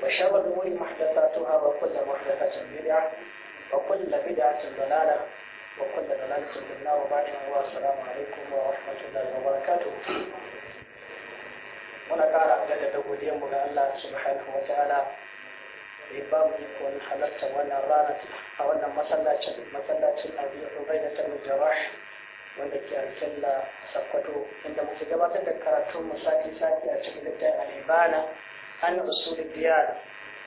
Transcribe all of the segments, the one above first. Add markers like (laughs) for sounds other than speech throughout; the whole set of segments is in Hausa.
وشر الأمور محدثاتها وكل محدثة بدعة وكل بدعة ضلالة وكل ضلالة في النار وبعد والسلام عليكم ورحمة الله وبركاته muna قال عبد الله mu ga Allah subhanahu wa ta'ala da ya bamu ikon halarta wannan rana a wannan masallacin masallacin Abi Ubaida ta Jarrah wanda ke alƙalla sakwato inda muke gabatar da karatun mu sati a cikin littafin alibana عن أصول الديانة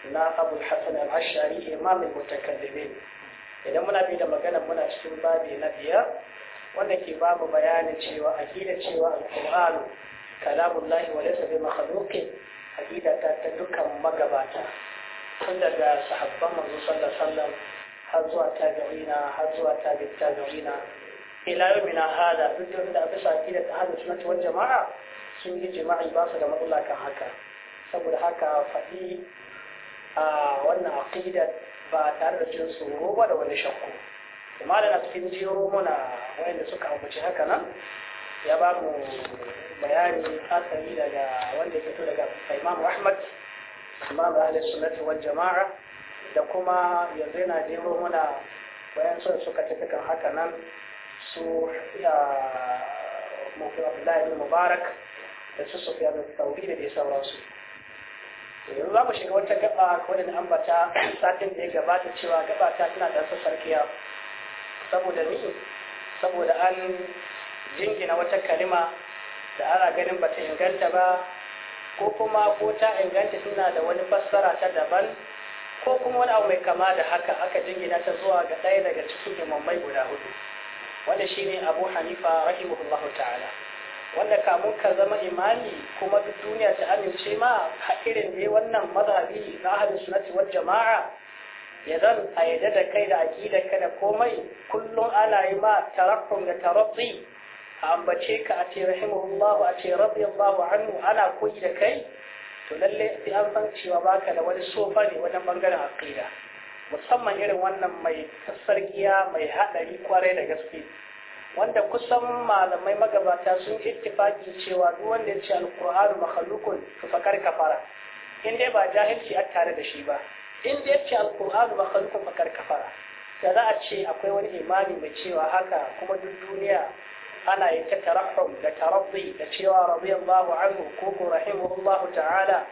na Abu Hassan al-Ashari imamin mutakallimin idan muna bi da magana muna cikin babi na biya. wanda ke babu bayani cewa akida cewa al kalamullahi wa laysa bi makhluqin aqida ta ta dukkan magabata tun daga sahabban manzo sallallahu alaihi wasallam har zuwa tabi'ina har zuwa tabi'in tabi'ina ila yawmina hada duk da bisa aqida ta ahlus sunnah wal jama'a sun yi jima'i ba su da matsala kan haka saboda haka faɗi a wannan aqidar ba tare da jin tsoro ba da wani shakku amma da cikin jero muna wayanda suka ambaci haka nan ya ba mu bayani asali daga wanda ya fito daga Imam Ahmad Imam Ahlus Sunnah wal Jama'a da kuma yanzu yana jero muna bayan sun suka tafi kan haka nan su Abdullahi Mubarak da su Sufyan al da dai sauransu yanzu za mu shiga wata gaba wadda an ambata satin da ya gabata cewa gaba ta tana da sassarkiya saboda ni saboda an jingina wata kalima da ana ganin bata inganta ba ko kuma ko ta inganta tana da wani fassara ta daban ko kuma wani abu mai kama da haka aka jingina ta zuwa ga ɗaya daga cikin imammai guda hudu wanda shine abu hanifa rahimahullahu ta'ala wanda kamun ka zama imami kuma duk duniya ta amince ma a irin ne wannan mazhabi na ahlus sunnati wal jama'a ya zan a yadda da kai da aqida ka da komai kullum ana yi ma tarakkun da taratsi a ambace ka a ce rahimahullahu a ce radiyallahu anhu ana koyi da kai to lalle sai an san cewa baka da wani sofa ne wajen bangaren aqida musamman irin wannan mai sarkiya mai hadari kwarai da gaske wanda kusan malamai magabata sun ittifaki cewa duk wanda ya ce alqur'anu makhlukun to fakar kafara in dai ba jahilci a tare da shi ba in dai ya ce makhlukun fa fakar kafara da za a ce akwai wani imani mai cewa haka kuma duk duniya ana yi ta tarahum da tarabbi da cewa radiyallahu anhu ko ko rahimahullahu ta'ala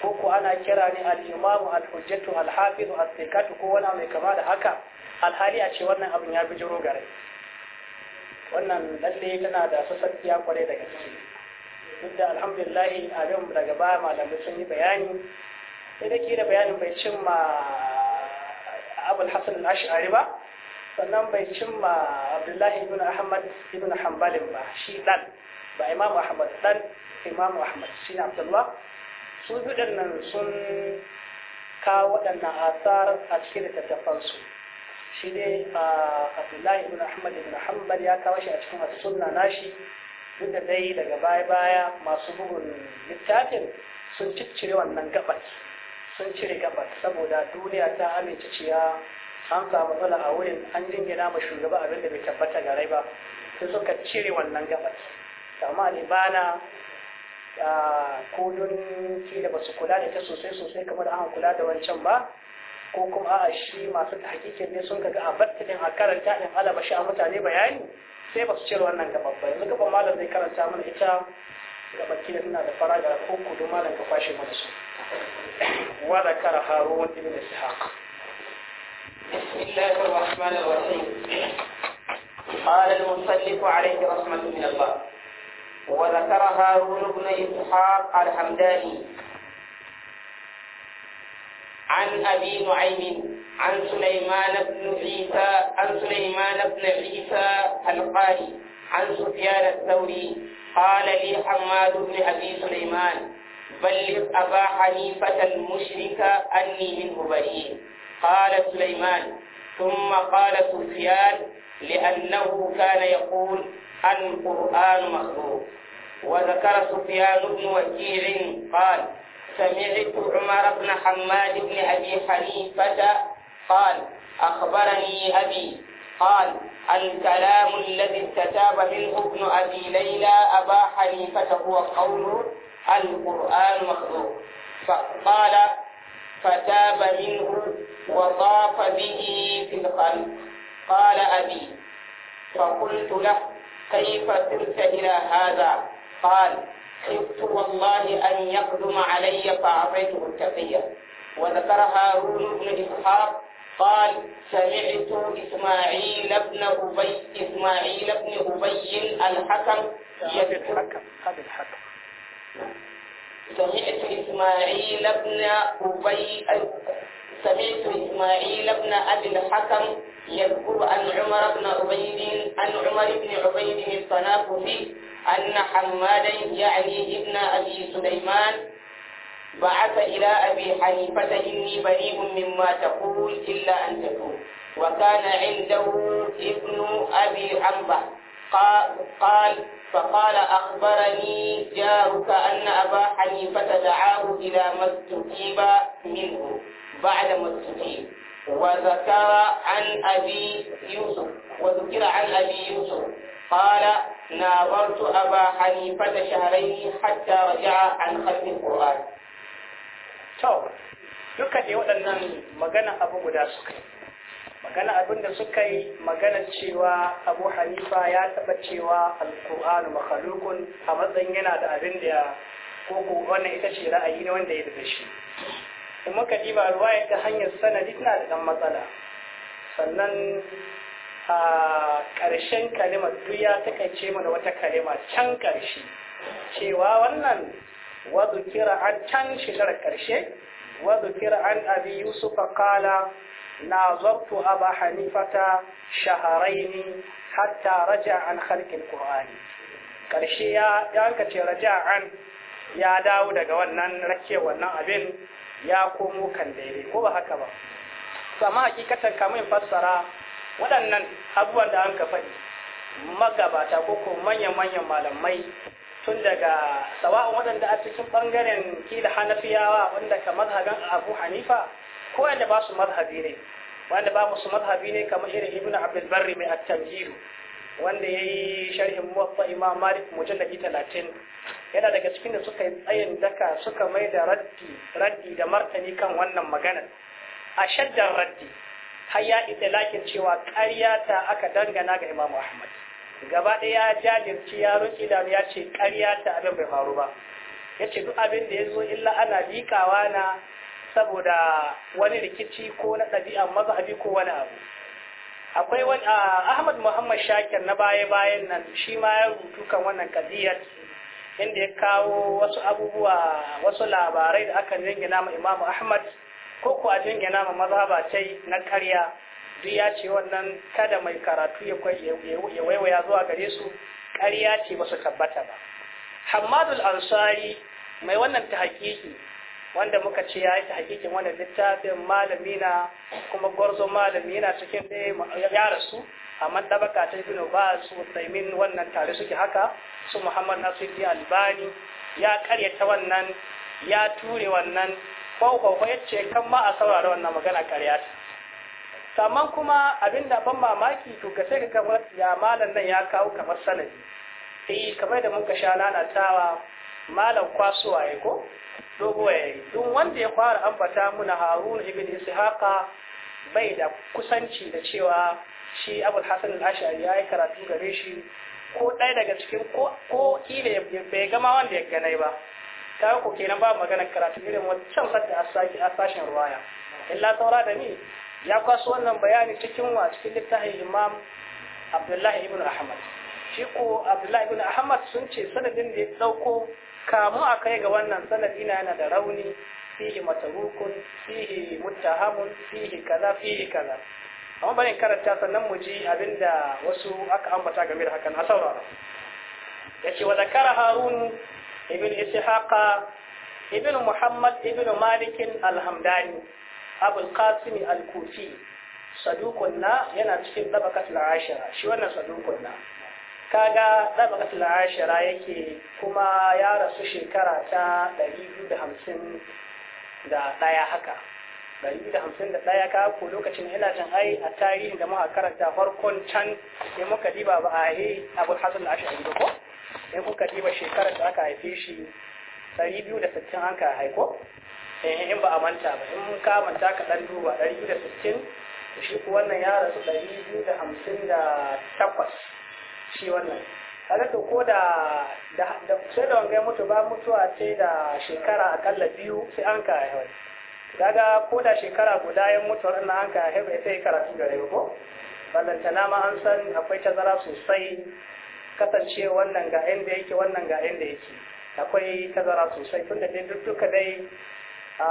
ko ko ana kira ni al-imamu al-hujjatu al hafidu al-thiqatu ko wani mai kama da haka alhali a ce wannan abin ya bijiro gare wannan lalle tana da sassafiya kwarai da gaske duk da alhamdulillah a yau daga ba malamai sun yi bayani sai da da bayanin bai cimma abul hasan ashari ba sannan bai cimma abdullahi ibn ahmad ibn hanbal ba shi dan ba imam ahmad dan imam ahmad shi ne abdullah su bidan nan sun kawo waɗannan asar a cikin littattafansu shi a ah, abdullahi ibn ahmad ibn hanbal ya kawo shi a cikin as-sunna nashi duk da dai daga baya baya masu bugun littafin sun ciccire wannan gabas sun cire gabas saboda duniya ta amince cewa an samu matsala a wurin an jingina ma shugaba abin da bai tabbata rai ba sai suka cire wannan gabas amma libana ah, ko don da basu kula da ta sosai sosai kamar an kula da wancan ba ko kuma a shi masu hakikin ne sun kaga a batta a karanta din alaba shi a mutane bayani sai ba su cire wannan gaba ba yanzu gaban malam zai karanta mana ita gaba da tana da faraga ko kudu malam ka kwashe mana su wa zakara harun ibn ishaq bismillahir rahmanir rahim الرحيم قال المصنف عليه رحمة من الله وذكر هارون بن إسحاق الحمداني عن أبي نعيم عن سليمان بن عيسى عن سليمان بن عيسى القاري عن سفيان الثوري قال لي حماد بن أبي سليمان بلغ أبا حنيفة المشرك أني منه بريء قال سليمان ثم قال سفيان لأنه كان يقول القرآن مخلوق وذكر سفيان بن وكيع قال سمعت عمر بن حماد بن أبي حنيفة قال أخبرني أبي قال الكلام الذي استتاب منه ابن أبي ليلى أبا حنيفة هو قول القرآن مخلوق فقال فتاب منه وطاف به في الخلق قال أبي فقلت له كيف سرت إلى هذا قال خفت والله أن يقدم علي فأعطيته التقية وذكر هارون بن إسحاق قال سمعت إسماعيل بن أبي إسماعيل بن أبي الحكم الحكم سمعت إسماعيل بن أبي سمعت إسماعيل بن أبي الحكم يذكر عن عمر بن عبيد عن عمر بن عبيد الصنافسي أن حمادا يعني ابن أبي سليمان بعث إلى أبي حنيفة إني بريء مما تقول إلا أن تكون وكان عنده ابن أبي عنبة قال فقال أخبرني جارك أن أبا حنيفة دعاه إلى ما استجيب منه بعد ما استجيب وذكر عن أبي يوسف وذكر عن أبي يوسف قال ناظرت أبا حنيفة شهرين حتى رجع عن خلف القرآن to duka waɗannan magana abu guda suka yi Maganar abin da suka yi cewa abu hanifa ya taɓa cewa alƙur'anu makhalukun a matsayin yana da abin wannan ita ce ra'ayi na wanda ya da shi in muka diba ruwaya ta hanyar sanadi tana da ɗan matsala sannan a ƙarshen kalimar duk ya takaice mana wata kalima can ƙarshe cewa wannan wadu kira an can shekarar ƙarshe wadu kira an abi yusufa kala ناظرت أبا a شهرين حتى رجع عن خلق ƙur'ani. ƙarshe ya ce raja an ya dawo daga wannan rake wannan abin ya komo kan daidai ko ba haka ba amma hakikatan kamun fassara waɗannan abubuwan da an ka faɗi magabata ko ko manya-manyan malamai tun daga sawa'un waɗanda a cikin ɓangaren kila hanafiyawa wanda ka mazhaban abu hanifa ko wanda ba su mazhabi ne wanda ba su mazhabi ne kamar irin ibn abdul barri mai at Wanda wanda yayi sharhin muwatta imam malik mujalladi 30 yana daga cikin da suka yi tsayin daka suka mai da raddi raddi da martani kan wannan maganar a shaddan raddi har ya lakin cewa ƙarya ta aka dangana ga Imam Ahmad gaba ɗaya ya jajirci ya roƙi da ya ce ƙarya ta abin bai faru ba ya ce duk abin da ya zo illa ana liƙawa na saboda wani rikici ko na ɗabi'an mazhabi ko wani abu akwai wani ahmad muhammad shakir na baya bayan nan shi ma ya rubutu kan wannan kadiyar inda ya kawo wasu abubuwa wasu labarai da aka jingina ma imamu ahmad ko kuwa a jingina maza ba ce na karya duk ya ce wannan kada mai karatu ya waiwaya zuwa gare su karya ce ba su tabbata ba hamadul ansari mai wannan ta hakiki wanda muka ce ya yi ta hakikin wannan littafin malami na kuma gwarzo malami cikin ya rasu amma tabaka ta ibn ba su taimin wannan tare suke haka su muhammad nasiruddin albani ya karyata wannan ya ture wannan ko ko yace kan ma a saurara wannan magana Ta sannan kuma abinda ban mamaki to ka sai ka kamar ya malam nan ya kawo kamar sanadi eh kamar da muka sha lalatawa malam kwasuwa ya ko dogo ya yi duk wanda ya fara ambata muna harun ibn ishaqa bai da kusanci da cewa shi abul hasan al-ashari yayi karatu gare shi ko ɗaya daga cikin ko ko kila bai gama wanda ya ganai ba kawo ko kenan ba magana karatu irin wancan sadda asaki asashin ruwaya illa saura da ni ya kwaso wannan bayani cikin wa cikin littafin imam abdullahi ibn ahmad shi ko abdullahi ibn ahmad sun ce sanadin da ya dauko kamu a kai ga wannan sanadi na yana da rauni fihi matarukun fihi muttahamun fihi kaza fihi kaza amma bari karanta sannan mu ji abinda wasu aka ambata game da hakan a saurara yace wa zakara harun ibn ishaqa ibn muhammad ibn malik Alhamdani abul qasim al-kufi sadukunna yana cikin al ashara shi wannan sadukunna kaga al ashara yake kuma ya rasu shekara ta 250 da daya haka ɗari da hamsin da ɗaya ka ko lokacin ina jin ai a tarihin da muka karanta farkon can sai muka diba ba a yi abu hasan da ashari ba ko sai kuka diba shekarar da aka haife shi ɗari biyu da sittin an ka haiko eh in ba a manta ba in ka manta ka ɗan duba ɗari biyu da sittin shi ku wannan ya rasu ɗari biyu da hamsin da takwas shi wannan kaga to ko da da sai da wangai mutu ba mutuwa sai da shekara akalla biyu sai an ka haihuwa kaga ko da shekara guda ya mutu wannan hanka ya ita yi karatu gare ko ballanta nama an san akwai tazara sosai kasance wannan ga inda yake wannan ga inda yake akwai tazara sosai tunda dai duk duka dai a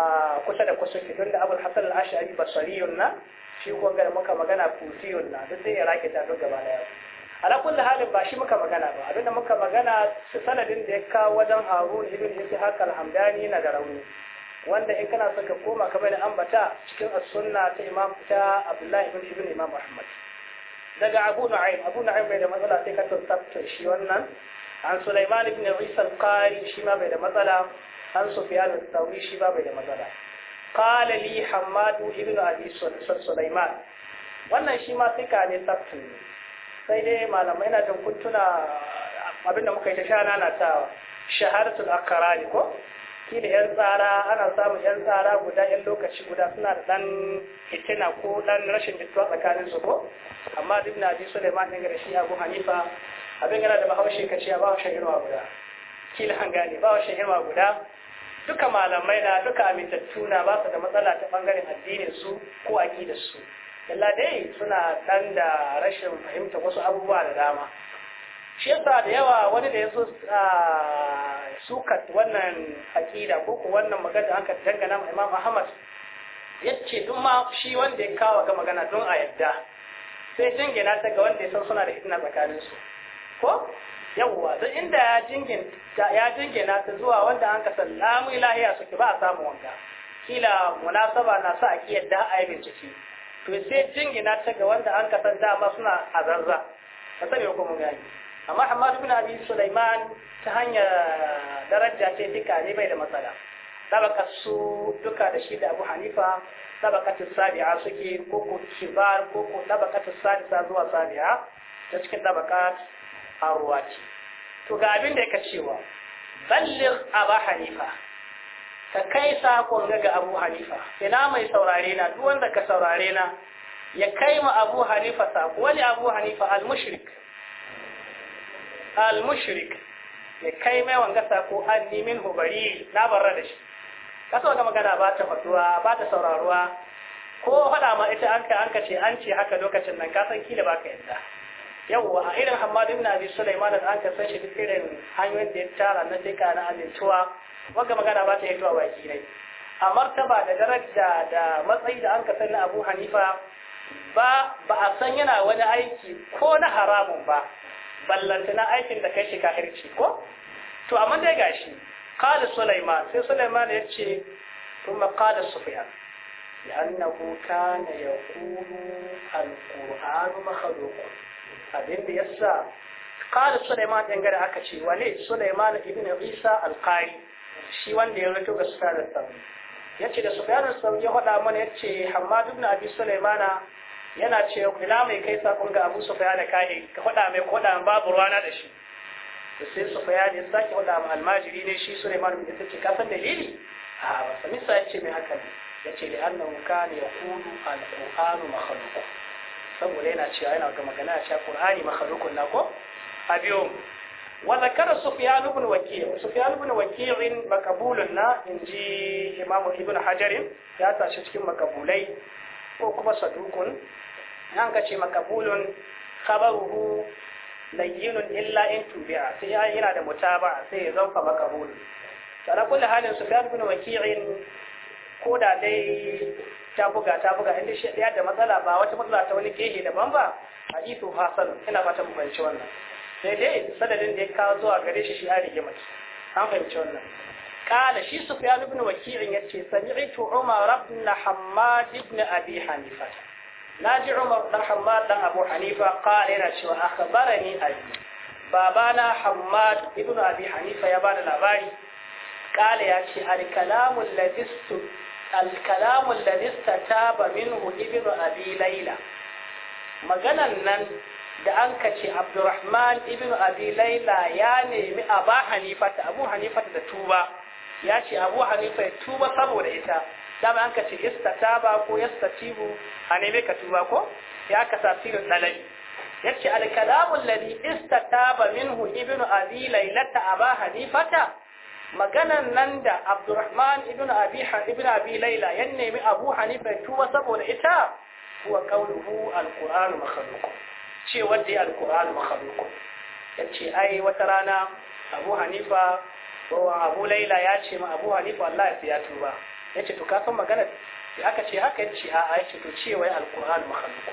kusa da kusa ke da abul hasan al-ash'ari basariyun na shi ko ga muka magana kutiyun na duk sai ya rake ta duk gaba daya ala kulli halin ba shi muka magana ba abinda muka magana sanadin da ya kawo wajen haru ibn ishaq al-hamdani na garauni wanda in kana son ka koma kamar da ambata cikin as-sunna ta imam ta Abdullahi ibn Ibn Imam Ahmad daga Abu Nu'aym Abu Nu'aym bai da matsala sai ka tantabta shi wannan an Sulaiman ibn Isa al-Qari shi ma bai da matsala an Sufyan al-Thawri shi ba bai da matsala qala li Hammad ibn Abi Sulaiman wannan shi ma sai ka ne tabtu sai dai malamai na jin kuntuna abinda muka yi ta shana na ta shaharatul akrani ko shine yan tsara ana samun yan tsara guda yan lokaci guda suna da dan ikina ko dan rashin jituwa tsakanin su ko amma duk na ji Sulaiman din shi Abu Hanifa abin yana da bahaushe kace ba shan hirwa guda kila an gane ba shan hirwa guda duka malamai na duka amintattu na ba su da matsala ta bangaren addinin su ko da su yalla dai suna dan da rashin fahimta wasu abubuwa da dama shi yasa da yawa wani da ya so suka wannan aƙida ko ko wannan magana aka dangana ma Imam Ahmad yace duk ma shi wanda ya kawo ga magana don a yadda sai jingina ta ga wanda ya san suna da hidina tsakanin su ko yawwa don inda ya jingin ya jingina ta zuwa wanda an ka sallamu ilahiya suke ba a samu wanga kila munasaba na sa a yadda a yi bincike to sai jingina ta ga wanda an ka san dama suna azarza ka sani ko mun gani amma Hamad ibn Abi Sulaiman ta hanyar daraja ce fika ne bai da matsala sabaka su duka da shi da Abu Hanifa ta sabi'a suke ko ko kibar ko ko ta sadisa zuwa sabi'a ta cikin sabaka a ce to ga abin da yake cewa balligh Abu Hanifa ka kai sakon ga Abu Hanifa ina mai saurare na duk wanda ka saurare na ya kai ma Abu Hanifa sako wani Abu Hanifa al-mushrik al-mushrik ya kai mai wanga sako an nimin hubari na barra da shi kasa ga magana ba ta faduwa ba ta sauraruwa ko faɗa ma ita an ka an ka ce an ce haka lokacin nan ka san kila ba ka yadda yawwa a irin Hamad ibn Abi Sulaiman da an ka san shi irin hanyoyin da ya tara na dika na amintuwa wanga magana ba ta yi tuwa baki ne a martaba da daraja da matsayi da an ka na Abu Hanifa ba ba a san yana wani aiki ko na haramun ba na aikin da kai shi harci, ko to amma dai gashi qala sulaiman sai sulaiman ya ce kuma qala sufyan annahu kana yaqulu alquran makhluq abin da yasa qala sulaiman dan gare aka ce wane sulaiman ibn isa alqari shi wanda ya rato ga sufyan al-thawri yace da sufyan al ya faɗa mana yace hamad ibn abi sulaimana yana cewa ina mai kai sakon ga Abu Sufyan ka ne ka faɗa mai koda babu rana da shi to sai Sufyan ya sake faɗa ma almajiri ne shi Sulaiman bin Yace ka san dalili a ah, ba sami sa ce mai haka ne yace da annahu kana yaqulu al-Qur'anu makhluq saboda yana cewa yana ga magana ya cewa Qur'ani makhluqun na ko a biyo وذكر سفيان بن وكيع سفيان بن وكيع مقبولنا انجي امام ابن حجر يا cikin makabulai ko kuma sadukun an ka ce makabulun khabaruhu layyinun illa in tubi'a sai ya yana da mutaba sai ya zauka makabul to ala kulli halin sufyan bin waki'in ko da dai ta buga ta buga inda shi da matsala ba wata matsala ta wani kehe daban ba hadithu hasan ina fata mu fahimci wannan sai dai sadadin da ya kawo zuwa gare shi shi a rigima an fahimci wannan su fiye سفيان bin وكيع yace سمعت عمر بن حماد ibn abi حنيفة naji Umar dan Hammad dan Abu Hanifa qala yana cewa akhbarani abi babana Hammad ibn Abi Hanifa ya bada labari qala yace ce al kalamu alladhi al kalamu minhu ibn Abi Layla maganan nan da an kace Abdurrahman ibn Abi Layla ya nemi Abu Hanifa ta Abu Hanifa da tuba yace Abu Hanifa ya tuba saboda ita dama an ka ce istataba ko yastatibu a neme ka tuba ko ya ka tasirin dalabi yace al-kalamu alladhi istataba minhu ibnu abi laylata aba hanifata maganan nan da abdurrahman ibnu abi ibnu abi layla ya nemi abu hanifa tuba saboda ita huwa qawluhu al-qur'an makhluq wadda wanda al-qur'an makhluq yace ai wata rana abu hanifa ko abu Laila ya ce ma abu hanifa wallahi sai ya tuba yace to ka san magana sai aka ce haka yace a'a yace to cewa alqur'an makhluq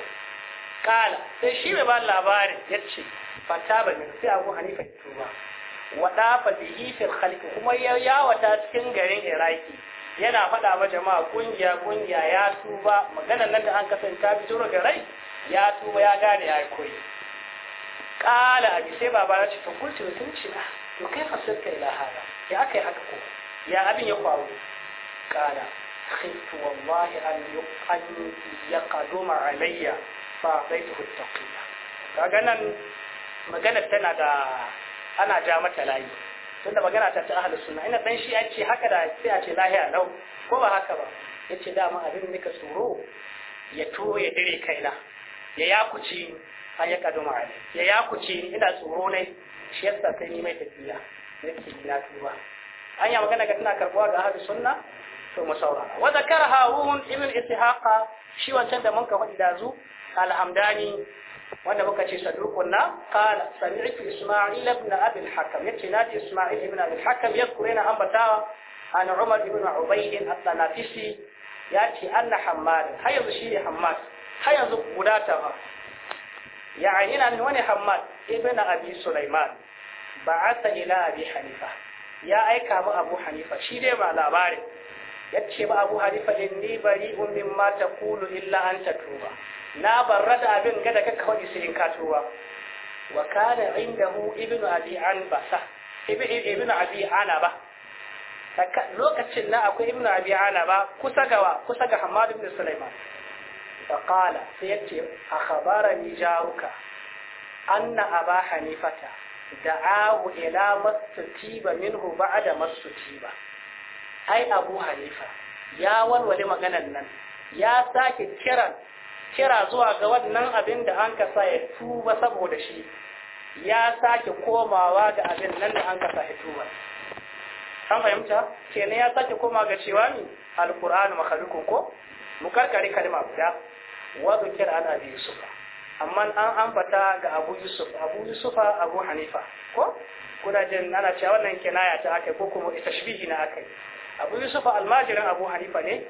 kala sai shi mai ba labarin yace fata ba ne sai Abu Hanifa ya tuba wada fa bihi fil khalq kuma ya yawata cikin garin Iraki yana faɗa ma jama'a kungiya kungiya ya tuba maganar nan da an kasanta fito daga rai ya tuba ya gane ya koyi kala abi sai baba ya ce to kulti mutunci na to kai fasirka ila hada ya akai haka ko ya abin ya faru قال خفت والله أن أن يقدم علي فأعطيته التقية فأنا magana tana da ana ja mata layi tunda magana ta ta ahlus sunna ina dan shi an ce haka da sai a ce lahiya lau ko ba haka ba yace dama abin nika tsoro ya to ya dire kaina ya yakuci an ya kadu ma'ani ya yakuci ina tsoro ne shi yasa sai ni mai tafiya nake na tuba Anya magana ga tana karbuwa ga ahlus sunna to mu saurara wa zakara harun ibn ishaqa shi wancan da mun ka faɗi dazu alhamdani wanda muka ce saduqun na qala sami'tu isma'il ibn abi al-hakam yace naji ibn abi al-hakam yadhkuru yana ambatawa an umar ibn ubayd at-tanafisi yace shi ne يعني أن وني حماد ابن أبي سليمان بعث إلى أبي حنيفة ya aika mu Abu Hanifa shi dai ba labarin yace ba Abu Hanifa ummin ma ta Kulu illa an ta tuba. na barrada abin gada da kaka wani sai in ka tuba wa kana indahu ibnu abi sa ibnu abi ba. lokacin na akwai ibnu abi ba, kusa ga kusa ga hamad ibn Sulaiman fa qala sai yace ni jaruka anna aba hanifata da'ahu ila mastutiba minhu ba'da mastutiba ai abu hanifa ya walwale maganar nan ya sake kira kira zuwa ga wannan abin da an kasa ya tuba saboda shi ya sake komawa ga abin nan da an kasa ya tuba an fahimta kenan ya sake koma ga cewa ni alqur'anu makhluqun ko mukarkare kalma guda wa kira an abu yusuf amma an ambata ga abu yusuf abu yusuf abu hanifa ko kuna jin ana cewa wannan kenaya ta akai ko kuma tashbihi na akai abu Yusufa almajirin abu hanifa ne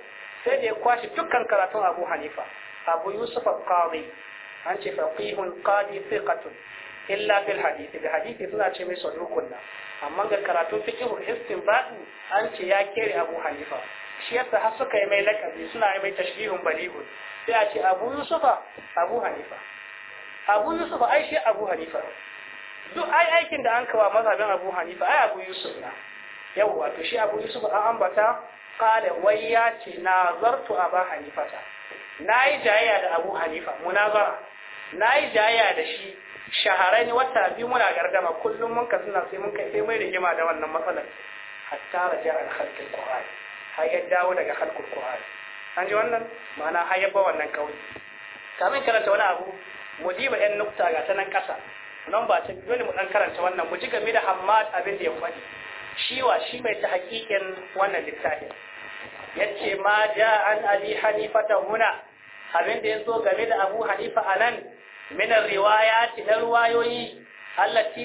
sai da ya kwashe dukkan karatun abu hanifa abu yusuf qadi an ce faqihun qadi thiqatun illa fil hadisi da hadisi suna ce mai sadukun na amma ga karatun fiqhu istinbatu an ce ya kere abu hanifa shi yasa har suka yi mai lakabi suna yi mai tashbihun balighun sai a ce abu yusufa abu hanifa abu yusufa ai shi abu hanifa duk ai aikin da an kawa mazhabin abu hanifa ai abu yusuf na yawwa to shi abu yusuf an ambata qala wai ya ce nazartu aba hanifata yi jayayya da abu hanifa munazara yi jayayya da shi shahararri wata biyu muna gargama kullum mun ka suna sai mun kai sai mai rigima da wannan matsalar hatta raja al khalqil qur'an har ya dawo daga khalqul qur'an an ji wannan ma'ana har ya ba wannan kauli kamin karanta wani abu mu diba yan nukta ga ta nan kasa nan ba ta dole mu dan karanta wannan mu ji game da hammad abin da ya faɗi shiwa shi mai ta hakikin wannan littafin Ya ce ma ja an Hanifa ta huna Abinda ya zo game da abu hanifa a nan, anan min riwayati na ruwayoyi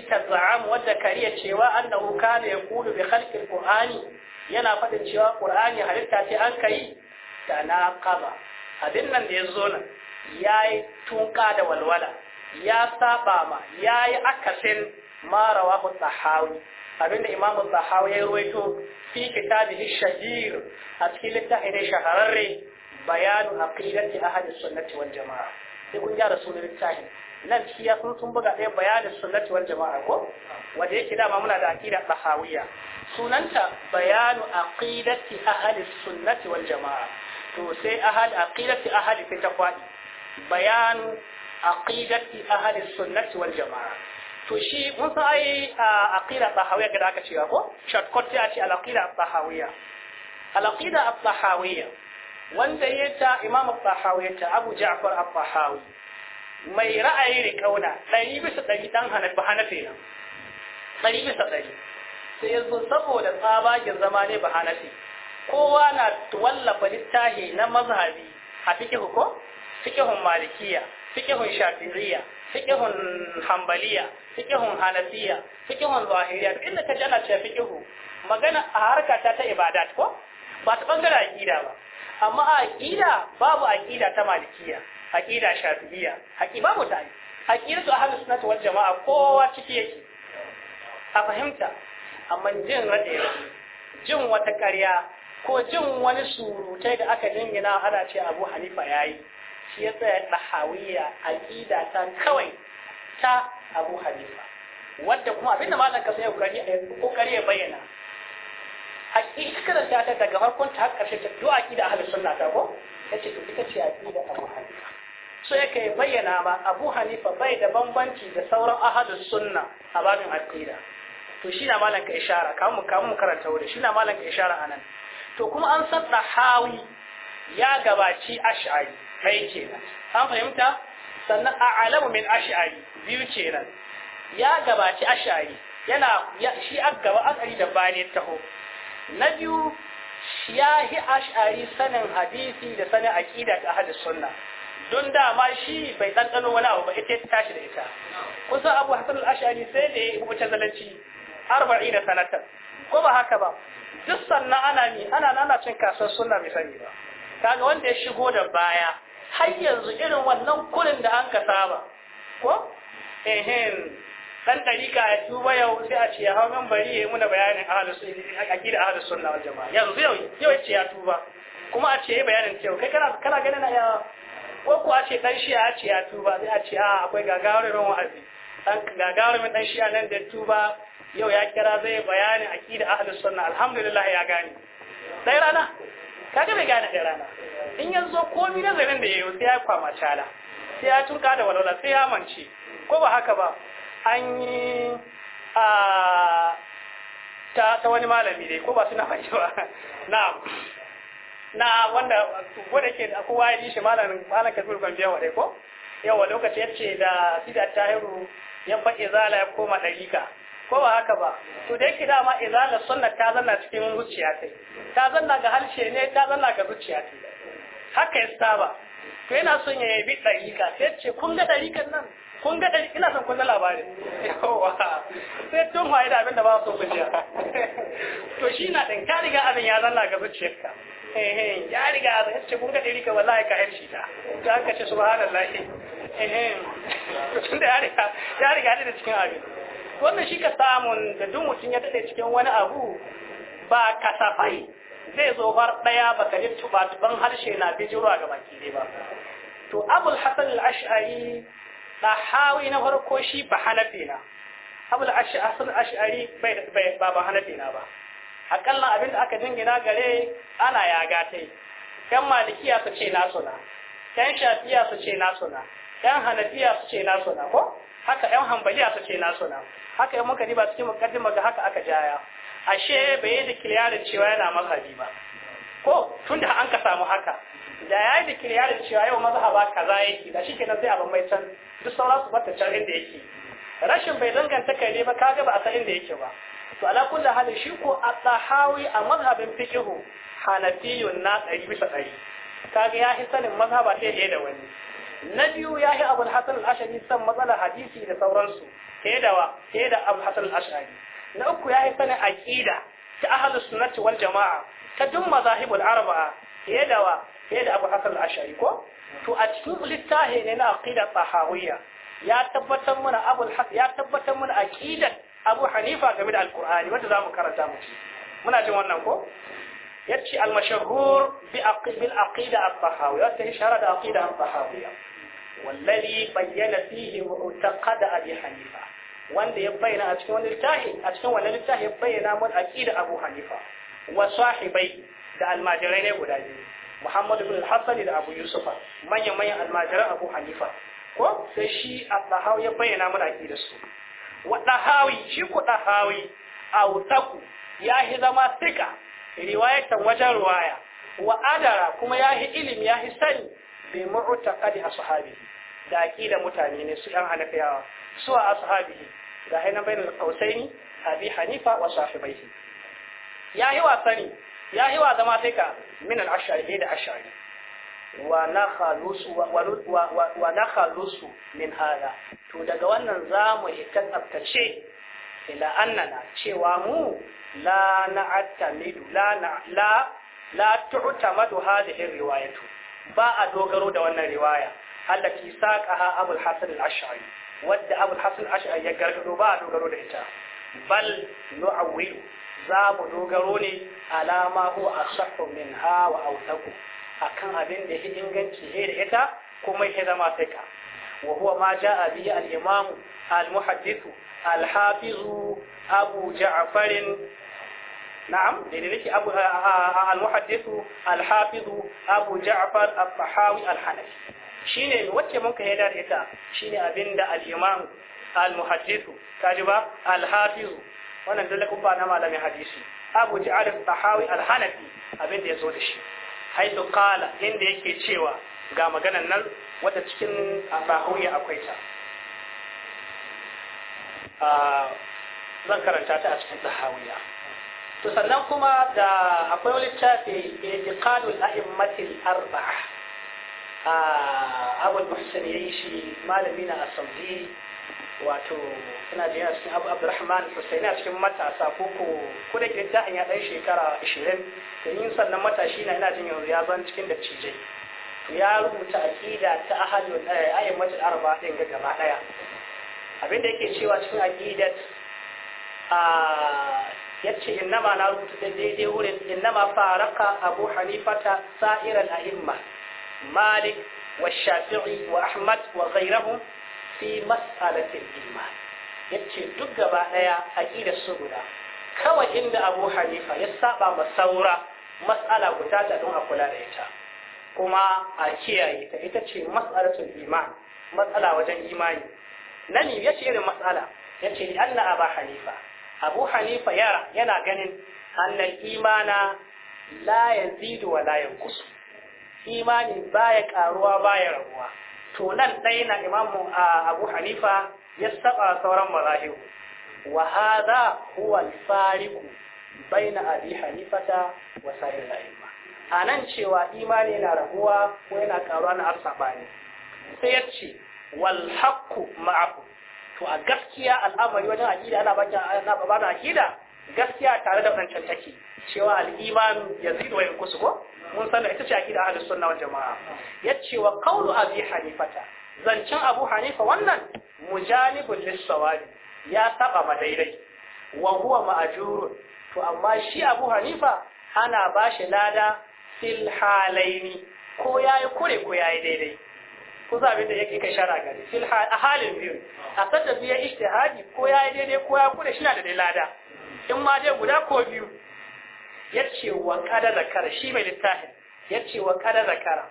ta za'am wadda kariya cewa annahu ya kudu bi halkin ƙur'ani yana fadin cewa ƙur'ani halitta ce an kai tanaqaba abin nan da ya zo nan ya yi tunka da walwala ya saba ma ya yi akasin marawa ku tahawi abinda imam al-bahawi ya ruwaito fi kitabihi shahir a cikin littafin ne shahararre bayanu aqidati ahli sunnati wal jamaa sai kun gyara sunan littafin nan shi ya sun sun buga ɗaya bayanin sunnati wal jama'a ko wanda yake dama muna da aqida bahawiyya sunanta bayanu aqidati ahli sunnati wal jama'a to sai ahli aqidati ahli fi tafwadi bayanu aqidati ahli sunnati wal jama'a to shi mun san ai aqida tahawiyya kada aka cewa ko shortcut ya ce al-aqida tahawiyya al-aqida tahawiyya wanda ya ta imam tahawiyya ta abu ja'far tahawi mai ra'ayi ne kauna ɗari bisa dari ɗan hanafi hanafi na ɗari bisa dari sai yanzu saboda tsabagen zama ne bahanafi kowa na wallafa littahi na mazhabi a fikihu ko fikihun malikiya fikihun shafi'iyya fiqhun hanbaliya fiqhun hanafiya fiqhun zahiriya duk inda kaji ana cewa fiqhu magana a harka ta ta ibadat ko ba ta bangaren aqida ba amma a aqida babu aqida ta malikiya aqida shafi'iya aqida babu ta aqida to ahlus sunnah wal jamaa kowa ciki yake a fahimta amma jin rade jin wata ƙarya ko jin wani surutai da aka jingina ana ce Abu Hanifa yayi shi ya tsaya nahawiyya aqida ta kawai ta Abu Hanifa wanda kuma abinda malam ka sai kokari eh, kokari ya bayyana hakikar ta ta daga farkon ta har karshe ta duk aqida ahlus sunna ta ko yace to ita ce aqida Abu Hanifa so yake bayyana ma Abu Hanifa bai da bambanci da sauran ahlus sunna a babin aqida to shi na malam ka ishara kamun kamun karanta wuri shi na malam ka ishara anan to kuma an sadda hawi ya gabaci ash'ari kai nan an fahimta sannan a a'lamu min ash'ari biyu kenan ya gabaci ash'ari yana shi an gaba asali da bane taho na biyu ya hi ash'ari sanin hadisi da sanin aqida ta hadis sunna don dama shi bai ɗanɗano wani abu ba ita ta tashi da ita kusan abu hasan al'ashari sai da ya yi wuce zalunci arba'in da sanatar ko ba haka ba duk sannan ana ni ana nana cin kasuwar suna mai sani ba kaga wanda ya shigo da baya har yanzu irin wannan kurin da an ka saba ko ehem dan tarika ya tuba yau sai a ce ya hawo bari ya yi muna bayanin ahlus sunna akida ahlus sunna wal jamaa yanzu yau yau ya ce ya tuba kuma a ce ya bayanin cewa kai kana kana ganin ya ko ko a ce dan shi a ce ya tuba sai a ce a ah, akwai gagarumin wa'azi dan gagarumin dan shi a nan da tuba yau ya kira zai bayanin akida ahlus sunna alhamdulillah ya gani. sai rana kaga bai gane sai rana in ya zo komi da zanen da ya yi sai ya kwama cala sai ya turka da walwala sai ya mance ko ba haka ba an yi a ta, ta wani malami dai ko ba suna mance ba na na wanda wanda ke kowa ya ji shi malamin malamin kasbir gambiya wa dai ko yawa lokaci yace da sida tahiru ya faɗi zala ya koma ɗarika ko ba haka ba to da yake dama izalar sunna ta zanna cikin zuciya ta zanna ga halshe ne ta zanna ga zuciya ta haka ya saba to yana son ya yi ɗarika sai ce kun ga ɗarikan nan kun ga ɗari ina son kun labarin yawa sai tun waye da abin da ba su kujiya to shi na ɗin ka riga abin ya zanna ga zuciyarka eh, eh, ya riga abin ce kun ga ɗari ka wallahi ka harshe ta to haka ce subhanallahi eh, tunda ya riga ya riga da cikin abin wannan shi ka samun da duk mutum ya daɗe cikin wani abu ba kasafai zai zo har daya baka ji tubatuban harshe na bijirwa ga baki dai ba to abul hasan al-ash'ari da hawi na farko shi ba hanafi na abul hasan al-ash'ari bai ba ba hanafi na ba akalla abinda aka jingina gare ana ya gatai yan malikiya su ce na suna, yan shafiya su ce na suna, yan hanafiya su ce na suna ko haka yan hanbaliya su ce na suna? haka yan muka diba cikin mukaddima ga haka aka jaya ashe bai yi dikiliyarin cewa yana mazhabi ba ko tunda an ka samu haka da ya yi dikiliyarin cewa yau mazhaba kaza yake da shi kenan sai abin mai can duk sauran su bata can inda yake rashin bai danganta kai ne ba kaga ba a san inda yake ba to ala da hali shi ko a tsahawi a mazhabin fiqhu hanafiyun na ɗari bisa ɗari kaga ya yi sanin mazhaba sai da wani na biyu ya yi abul hasan al'ashari san matsalar hadisi da sauransu ke da wa ke da abul hasan al na uku ya yi sanin aƙida ta ahalus sunnati wal jama'a ta duk mazahibul arba'a fiye da wa fiye da abu hasan ashari ko to a cikin littafi ne na aqida sahawiyya ya tabbatar mana abu ya tabbatar mana aqidat abu hanifa game da alqur'ani wanda zamu karanta mu muna jin wannan ko yace al-mashhur bi aqbil aqida as-sahawiyya ta ishara da aqida as-sahawiyya والذي بين فيه معتقد أبي حنيفة wanda ya bayyana a cikin wani littafi a cikin wannan littafi ya bayyana mun aqida Abu Hanifa wa sahibai da almajirai ne guda biyu Muhammad ibn al-Hasan da Abu Yusuf manyan manyan almajiran Abu Hanifa ko sai shi al ya bayyana mun aqida su wa Dahawi shi ku Dahawi autaku ya hi zama sika riwayatan wajen riwaya wa adara kuma ya hi ilim ya hi sani bi mu'taqadi ashabi da aqida mutane ne su yan hanafiyawa su a ashabihi ga hainan bainul qausaini abi hanifa wa shafi'i ya yi wa sani ya yi wa zama sai ka min ashari da ash'ari wa na khalusu min hada to daga wannan zamu mu tsaftace tsabtace ila annana cewa mu la na'tamidu la la la tu'tamadu hadhihi riwayatu ba a dogaro da wannan riwaya allati saqaha abul hasan al-ash'ari wadda abu hasan ash'ari ya gargado ba a dogaro da ita bal nu'awwilu za mu dogaro ne alama ko a shakku min wa autaku akan abin da yake inganci ne da ita kuma yake zama sika wa huwa ma jaa bihi al-imam al-muhaddith al-hafiz abu ja'far na'am da ne nake abu al-muhaddith al-hafiz abu ja'far al-tahawi al-hanafi Shi ne wacce mun ka shi ne abin shine abinda al-imam ta ji ba al-hafiz wannan dole kuma na malamin hadisi Abu Ja'al al-Tahawi al-Hanafi abinda zo da shi haitu kala inda yake cewa ga maganan nan wata cikin Tahawiya akwai ta ah, zan karanta ta a cikin Tahawiya to sannan kuma da akwai littafi itiqadul a'immatil arba'a abul muhsin ya yi shi malami na asambi wato ina ji yana cikin abu abdurrahman hussein a cikin matasa ko ko da ke da hanya dan shekara 20 to yin sannan matashi na ina jin yanzu ya zan cikin dattijai to ya rubuta aqida ta ahadul mata arba din ga gaba daya abin da yake cewa cikin aqidat a yace innama na rubuta daidai wurin innama faraka abu hanifata sa'iran a'imma Malik wa مالك wa وأحمد وغيرهم في مسألة الإيمان yace duk gaba ɗaya aƙidar su guda kawai inda abu hanifa ya saɓa ma saura mas'ala guda ta don a kula da ita kuma a kiyaye ta ita ce mas'alatul iman mas'ala wajen imani nani ya ce irin mas'ala ya ce anna aba hanifa abu hanifa yana ganin hannun imana la yazidu wa layan kusu. imani baya karuwa baya rabuwa. to nan dai na imamu abu hanifa ya saba sauran mazahibu wa hadha huwa al-fariqu baina abi hanifata wa sa'ir al-a'imma anan cewa imani na raguwa ko yana karuwa na asabani sai ya ce wal haqqu ma'akum to a gaskiya al'amari wajen aqida ana baki ana ba da aqida gaskiya tare da wancan take cewa al-iman yazidu wa yanqusu ko mun san ita ce akida ahlus sunna wal jamaa yace wa qawlu abi hanifata zancen abu hanifa wannan mujanibun lis ya saba ma daidai wa huwa juru. to amma shi abu hanifa ana bashi lada fil halaini ko yayi kure ko yayi daidai ko za abin da yake kai shara gare fil halin biyu a sanda biya ishtihadi ko yayi daidai ko ya kure shi na da lada in ma dai guda ko biyu ya ce wa kada zakara shi mai littafin ya ce wa kada zakara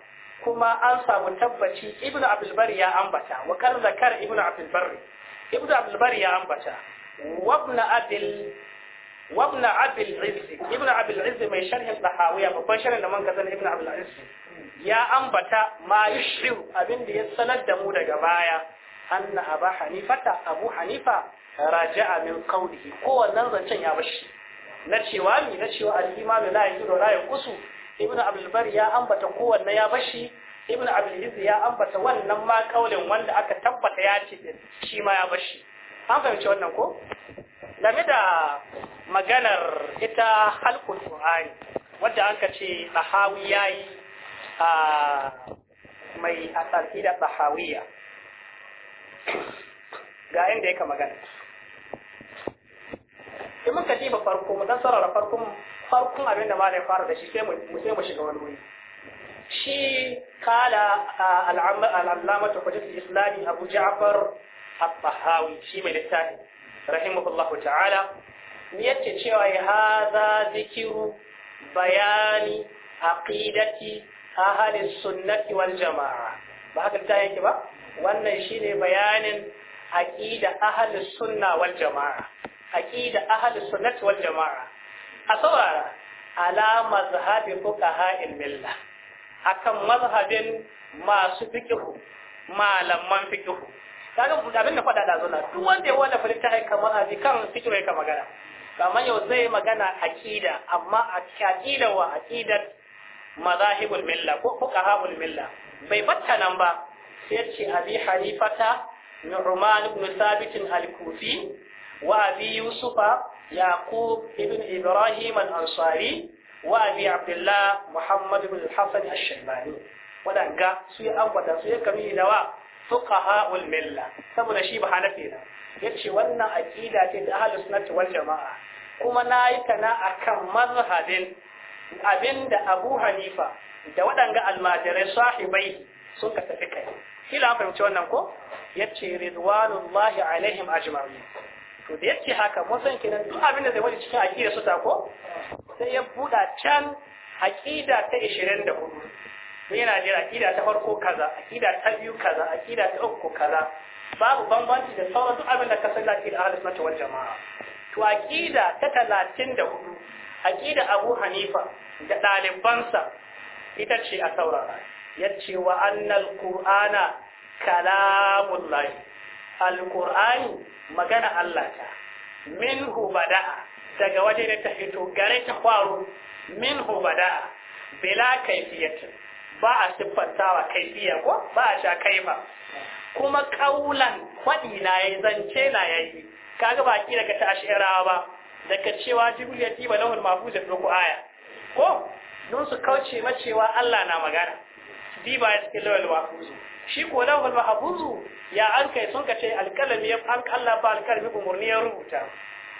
kuma an samu tabbaci ibnu abdulbar ya ambata wa kar zakar ibnu abdulbar ibnu abdulbar ya ambata wabna abil wabna abil izzi ibnu abil izzi mai sharhin dahawiya babban sharhin da man kazan ibnu abil izzi ya ambata ma yushri abin da ya sanar da mu daga baya anna abu hanifata abu hanifa raja'a min qawlihi ko wannan zancen ya bashi na cewa ni na cewa al-imam la yuro la yaqusu ibnu abdul bar ya ambata kowanne ya bashi ibnu abdul hiz ya ambata wannan ma kaulin wanda aka tabbata ya ce shi ma ya bashi an fahimci wannan ko game da maganar ita halqul qur'ani wanda anka ce sahawi yayi a mai asasi da sahawiya ga inda yake magana sai muka diba farko mu dan sarara farkon farkon abin da malai fara da shi sai mu sai mu shiga wani wuri shi kala al'allamatu hujjat al-islami Abu Ja'far al-Tahawi shi mai littafi rahimahullahu ta'ala yace cewa ya hada zikiru bayani aqidati ahli sunnati wal jamaa ba haka ta yake ba wannan shine bayanin aqida ahli sunna wal jamaa aqida ahlus sunnah wal jamaa asawara ala mazhabi fuqaha al milla akan mazhabin masu fiqh malaman fiqh kaga abin da fada da zuna duk wanda ya wala falita kai kamar hazi kan fiqh kai magana kamar yau zai magana aqida amma aqida wa aqidat mazahibul milla ko fuqahaul milla bai batta nan ba sai ce abi halifata nu'man ibn sabit al-kufi wa abi yusufa yaqub ibn ibrahim al-ansari wa abi abdullah muhammad ibn al-hasan al-shaybani wadanga an gwada sai kami da wa fuqaha wal saboda shi ba hanafi na yace wannan aqida ce da ahlus sunnati wal jamaa kuma nayi kana kan mazhabin abinda abu hanifa da wadanga almajirai sahibai sun ka tafi kai kila an fahimci wannan ko yace ridwanullahi alaihim ajma'in to da yake haka mun san kenan duk abin da zai wani cikin aqida su ta ko sai ya buda can aqida ta 24 yana jira aqida ta farko kaza aqida ta biyu kaza aqida ta uku kaza babu bambanci da sauran duk abin da ka san lafiya da ahlus sunna wal jamaa to aqida ta 34 aqida Abu Hanifa da dalibansa ita ce a saurara yace wa annal qur'ana kalamullahi Alƙur'ani, magana Allah ta minhu bada'a daga waje da ta fito gare ta kwaro minhu bada'a bila kaifiyatin ba a siffantawa kaifiya ko ba a sha kai ba kuma ƙaulan kwaɗi na yi, zance na ya yi, kaga baki daga daga ta'ashirawa ba daga cewa jibril ya tiba lahul da ku aya ko don su kauce macewa Allah na magana diba ya cikin shi ko lawal mahfuzu ya an kai sun kace alkalami ya an Allah ba alkalami umurni ya rubuta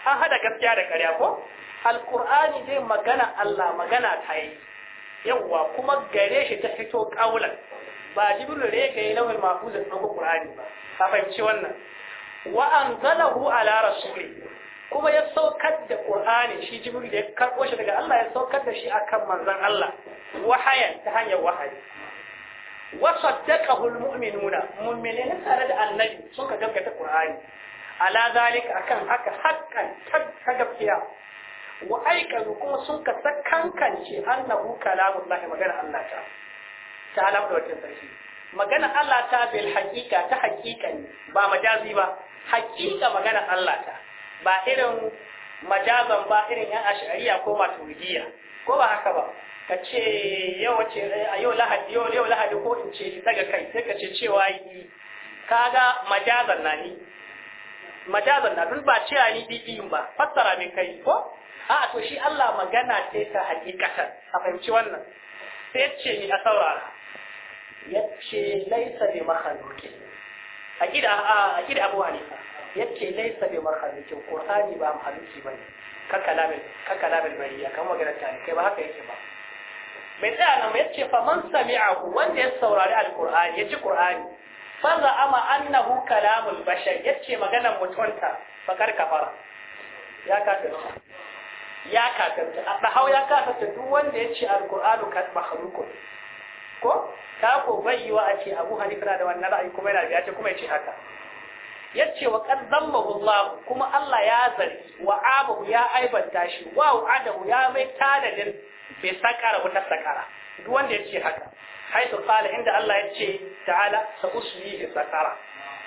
an hada gaskiya da ƙarya ko alqur'ani dai magana Allah magana ta yi yawwa kuma gare shi ta fito kaulan ba jibril ne kai lawal mahfuz da alqur'ani ba ka fahimci wannan wa anzalahu ala rasuli kuma ya saukar da qur'ani shi jibril da ya karbo shi daga Allah ya saukar da shi akan manzon Allah wahayan ta hanyar wahayi wa saddaqahu almu'minuna mu'minina tare da annabi suka gaskata qur'ani ala zalika akan haka hakkan ta gaskiya wa aikanu kuma sun ka sakankance annahu kalamullahi magana Allah ta ta alamu da wata sarki magana Allah ta bil haqiqa ta haqiqa ne ba majazi ba hakika magana Allah ta ba irin majazan ba irin yan ash'ariya ko maturidiyya ko ba haka ba ka ce yau ce a yau lahadi yau yau lahadi ko in ce daga kai sai ka ce cewa yi kaga majazan na ni majazan na dun ba cewa ni bibiyin ba fassara min kai ko a to shi Allah magana sai ta hakikata. a fahimci wannan sai ce ni a saurara yace laisa bi makhluqin akida akida Abu Hanifa yace laisa bi makhluqin Qur'ani ba makhluqi bane ka kalamin ka kalamin bariya kan magana ta kai ba haka yake ba Mai tsaya nan ya ce fa man sami'ahu wanda ya saurari alqur'ani ya ji qur'ani fa za'ama annahu kalamul bashar ce maganar mutunta fakar kafara ya kafirta ya kafirta dahau ya kafirta duk wanda ya yace alqur'anu kan makhluqun ko ta ko bai yi wa a ce abu hanifa da wannan ra'ayi kuma yana biya ce kuma ce haka yace wa qad zammahu Allah kuma Allah ya zari wa abahu ya aibanta shi wa adahu ya mai tanadin bai sakara wata sakara duk wanda yace haka haitu qala inda Allah yace ta'ala sa bi sakara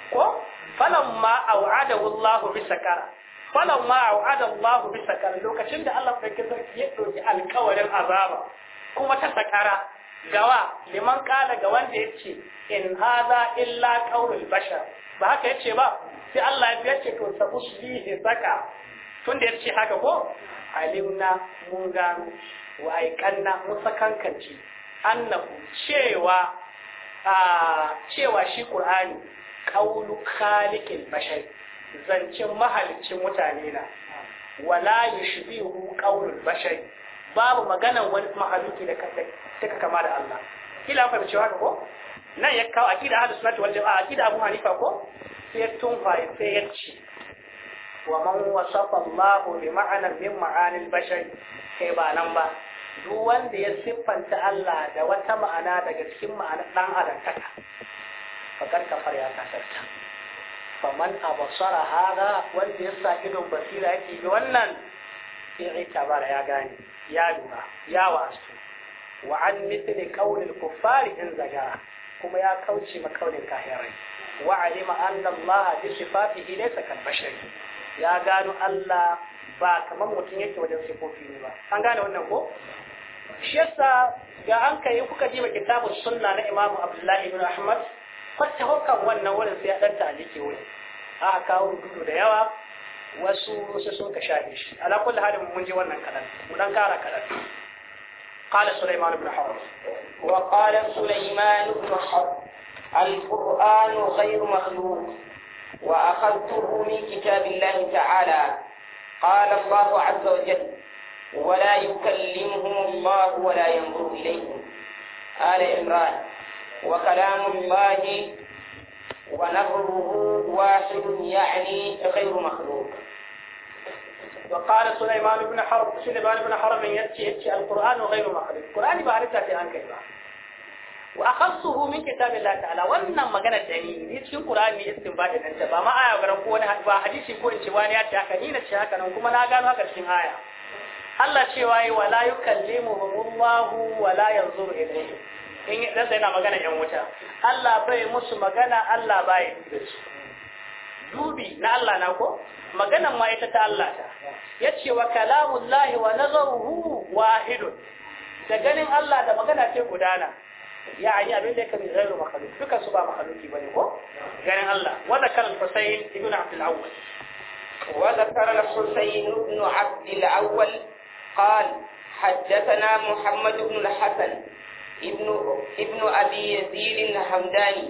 ko falamma au'adahu Allah bi sakara falamma au'ada Allah bi sakara lokacin da Allah sarki ya dauki alƙawarin azaba kuma ta sakara gawa liman kala ga wanda ya ce in haza illa qaulul bashar ba haka ya ce ba sai Allah ya biya ce to sa usbihi saka tun da ya ce haka ko alimna mun gano wa aikanna mun sakankanci annahu cewa a cewa shi qur'ani qaulu khaliqil bashar zancin mahalicin mutane na wala yashbihu qaulul bashar babu maganan wani halittu da kasai take kama da Allah kila fa cewa haka ko nan ya kawo akida ahlus sunnati wal jamaa akida abu hanifa ko sai tunfa sai ya ci wa man wasafa Allah bi ma'ana min ma'anil bashar kai ba nan ba duk wanda ya siffanta Allah da wata ma'ana daga cikin ma'anar dan adam kaka fakar kafar ya kasarta faman abasara hada wanda ya sa idon basira yake ga wannan sai ya bara ya gane ya lura ya wasu wa an mitli qaulil kuffari in zagara kuma ya kauce ma kaulin kafirai wa alima anna Allah bi sifatihi laysa kal bashari ya gano Allah ba kamar mutum yake wajen sifofi ne ba an gane wannan ko shi yasa ga an kai kuka ji kitabun sunna na Imam Abdullahi ibn Ahmad hukan wannan wurin sai ya dan talike wurin a kawo dudu da yawa wasu wasu sun ka shafe shi ala kulli halin mun ji wannan dan kara قال سليمان بن حرب وقال سليمان بن حرب القرآن غير مخلوق وأخذته من كتاب الله تعالى قال الله عز وجل ولا يكلمهم الله ولا ينظر إليهم آل عمران وكلام الله ونظره واحد يعني غير مخلوق وقال سليمان بن حرب سليمان بن حرب يأتي يأتي القرآن غير مخلوق القرآن بارتا في أنك وأخصه من كتاب الله تعالى وأن مجانا دليل يتشي القرآن يستنباط أنت ما آية غرام كون حديث يكون شوان يأتي هكا نينا شاكا نوكما ناغانو هكا شين آية Allah cewa yi wala yukallimuhum Allah wala yanzuru ilayhim in dan sai na magana yan wuta Allah bai musu magana Allah bai da su dubi na Allah na ko maganan ma ita ta Allah ta yace wa kalamullahi wa nazaruhu wahidun da ganin Allah da magana ce gudana yayi abin da kamar zairu makhluk duka su ba makhluki bane ko ganin Allah wanda kan ibnu ibn Abd awwal wa zakara al-Husayn ibn Abd al-Awwal qal حدثنا محمد بن الحسن ابن ابن ابي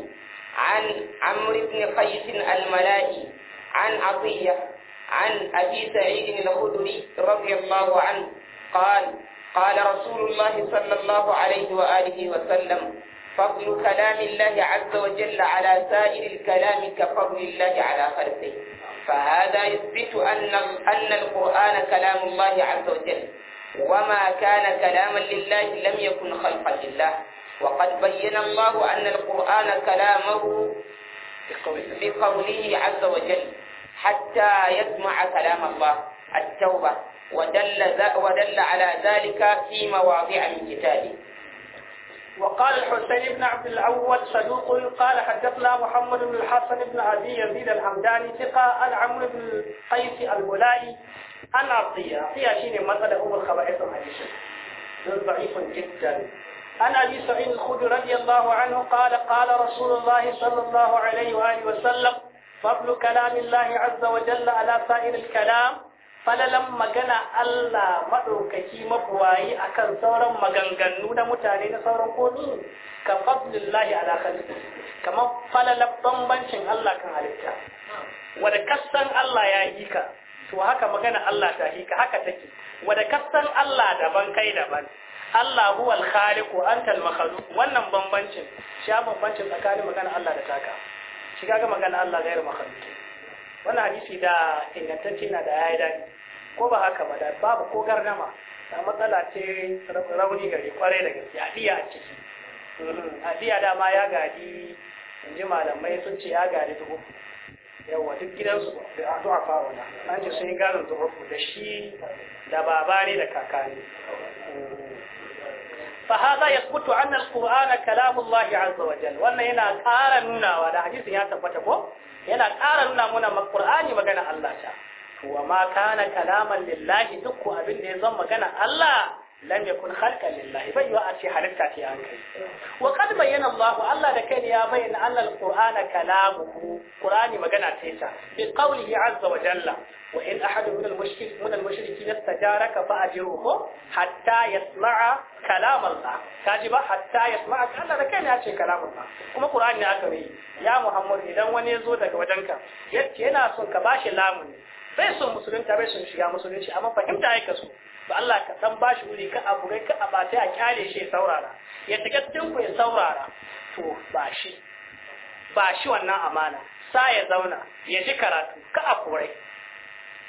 عن عمرو بن قيس الملائي عن عطية عن أبي سعيد الخدري رضي الله عنه قال قال رسول الله صلى الله عليه وآله وسلم فضل كلام الله عز وجل على سائر الكلام كفضل الله على خلقه فهذا يثبت أن أن القرآن كلام الله عز وجل وما كان كلاما لله لم يكن خلقا لله وقد بين الله أن القرآن كلامه بقوله عز وجل حتى يسمع كلام الله التوبة ودل, ودل على ذلك في مواضع من كتابه وقال الحسين بن عبد الأول صدوق قال حدثنا محمد بن الحسن بن أبي يزيد الحمداني ثقة عن عمرو بن قيس الملائي عن عطية عطية شيني مسألة أم الخبائث الحديثة ضعيف جدا عن أبي سعيد الخدري رضي الله عنه قال قال رسول الله صلى الله عليه وآله وسلم فضل كلام الله عز وجل على سائر الكلام falalan magana Allah maɗaukaki mabuwayi akan sauran maganganu na mutane na sauran komi ka fadlillahi ala kamar falalan bambancin Allah kan halitta wanda kasan Allah ya yi ka to haka magana Allah ta yi ka haka take wanda kasan Allah daban kai daban Allah huwa al-khaliqu anta al-makhluq wannan bambancin shi bambancin tsakanin magana Allah da taka shi kaga magana Allah gairu makhluq wannan hadisi da ingantacce na da yayi daɗi, ko ba haka ba da babu ko gargama da matsala ce rauni gari kwarai da gaske adiya a ciki mm-hmm. adiya ma ya gadi in ji malamai sun ce ya gadi dubu yawa duk gidansu da a zuwa fara an ce sun yi garin da shi da babare da kakani fa hadha yakutu anna alqur'ana kalamullahi azza jalla wannan yana kara nunawa da hadisin ya tabbata ko yana ƙara nuna Muna alqur'ani magana Allah ta wa ma kana kalaman lillahi duk abin ya zama magana Allah lam yakun khalqan lillahi bai wa ce halitta ce an kai wa qad bayyana Allah Allah da kai ya bayyana annal qur'ana kalamuhu qur'ani magana ce ta bi qawlihi azza wa jalla وإن أحد من المشرك من المشركين استجارك فأجره حتى يسمع كلام الله كاجبا حتى يسمع كلام الله كان يأتي كلام الله كما قرآن نعكري يا محمد إذا ونزو دك وجنك يتي أنا أصنك باش لامني bai son musulunta bai son shiga musulunci amma fahimta ya kasu. Ba Allah ka bashi wuri ka abu ka a bata a kyale shi saurara ya shiga cikin ya saurara to ba shi wannan amana sa ya zauna ya ji karatu ka a korai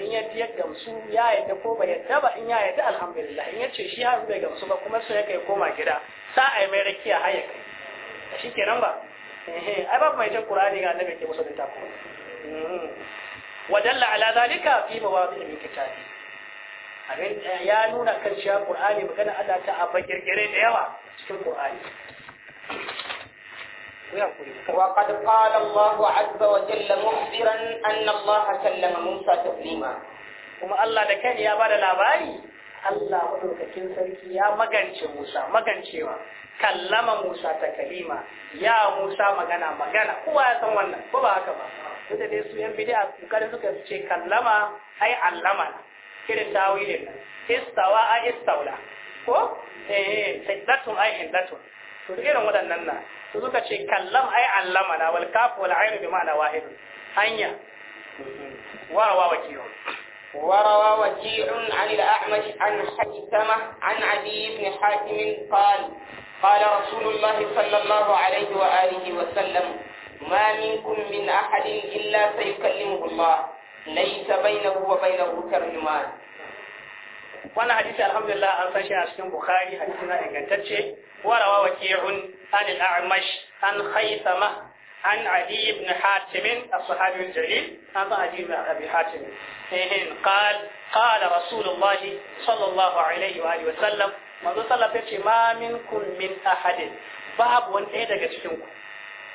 in ya ya gamsu ya yadda ko ba yadda ba in ya yadda alhamdulillah in ya ce shi har bai gamsu ba kuma sai kai koma gida sa ai mai rakiya har ya kai shi kenan ba eh ai babu mai jin qur'ani ga annabi ke musu da tako hmm. wa dalla ala zalika fi mawadi'i min kitabi abin eh, ya nuna kan cewa qur'ani magana Allah ta a bagirgire da yawa cikin qur'ani وقد قال الله عز وجل مخبرا أن الله كلم موسى تكليما kuma Allah da kai ya bada labari Allah madaukakin sarki ya magance Musa magancewa kallama Musa ta kalima ya Musa magana magana kowa ya san wannan ko ba haka ba duk da dai su yan bid'a su kare suka ce kallama ai allama irin tawilin nan istawa a istawla ko eh sayyidatun eh, ai hindatun to irin waɗannan na su suka ce kallam ai allama na wal kafu wal ainu bi ma'ana wahid hanya wa wa wakiyun wa rawa wakiyun an an haytama an abi ibn hakim qal qala rasulullah sallallahu alayhi wa alihi wa sallam ma minkum min ahadin illa sayukallimuhu allah laysa bainahu wa bainahu tarjuman wannan hadisi alhamdulillah an san shi a cikin bukhari hadisi na ingantacce warawa waqi'un an al-a'mash an khaythama عن علي بن حاتم الصحابي الجليل عن علي بن أبي حاتم قال قال رسول الله صلى الله عليه وآله وسلم منذ صلى الله ما منكم من أحد باب وان daga cikin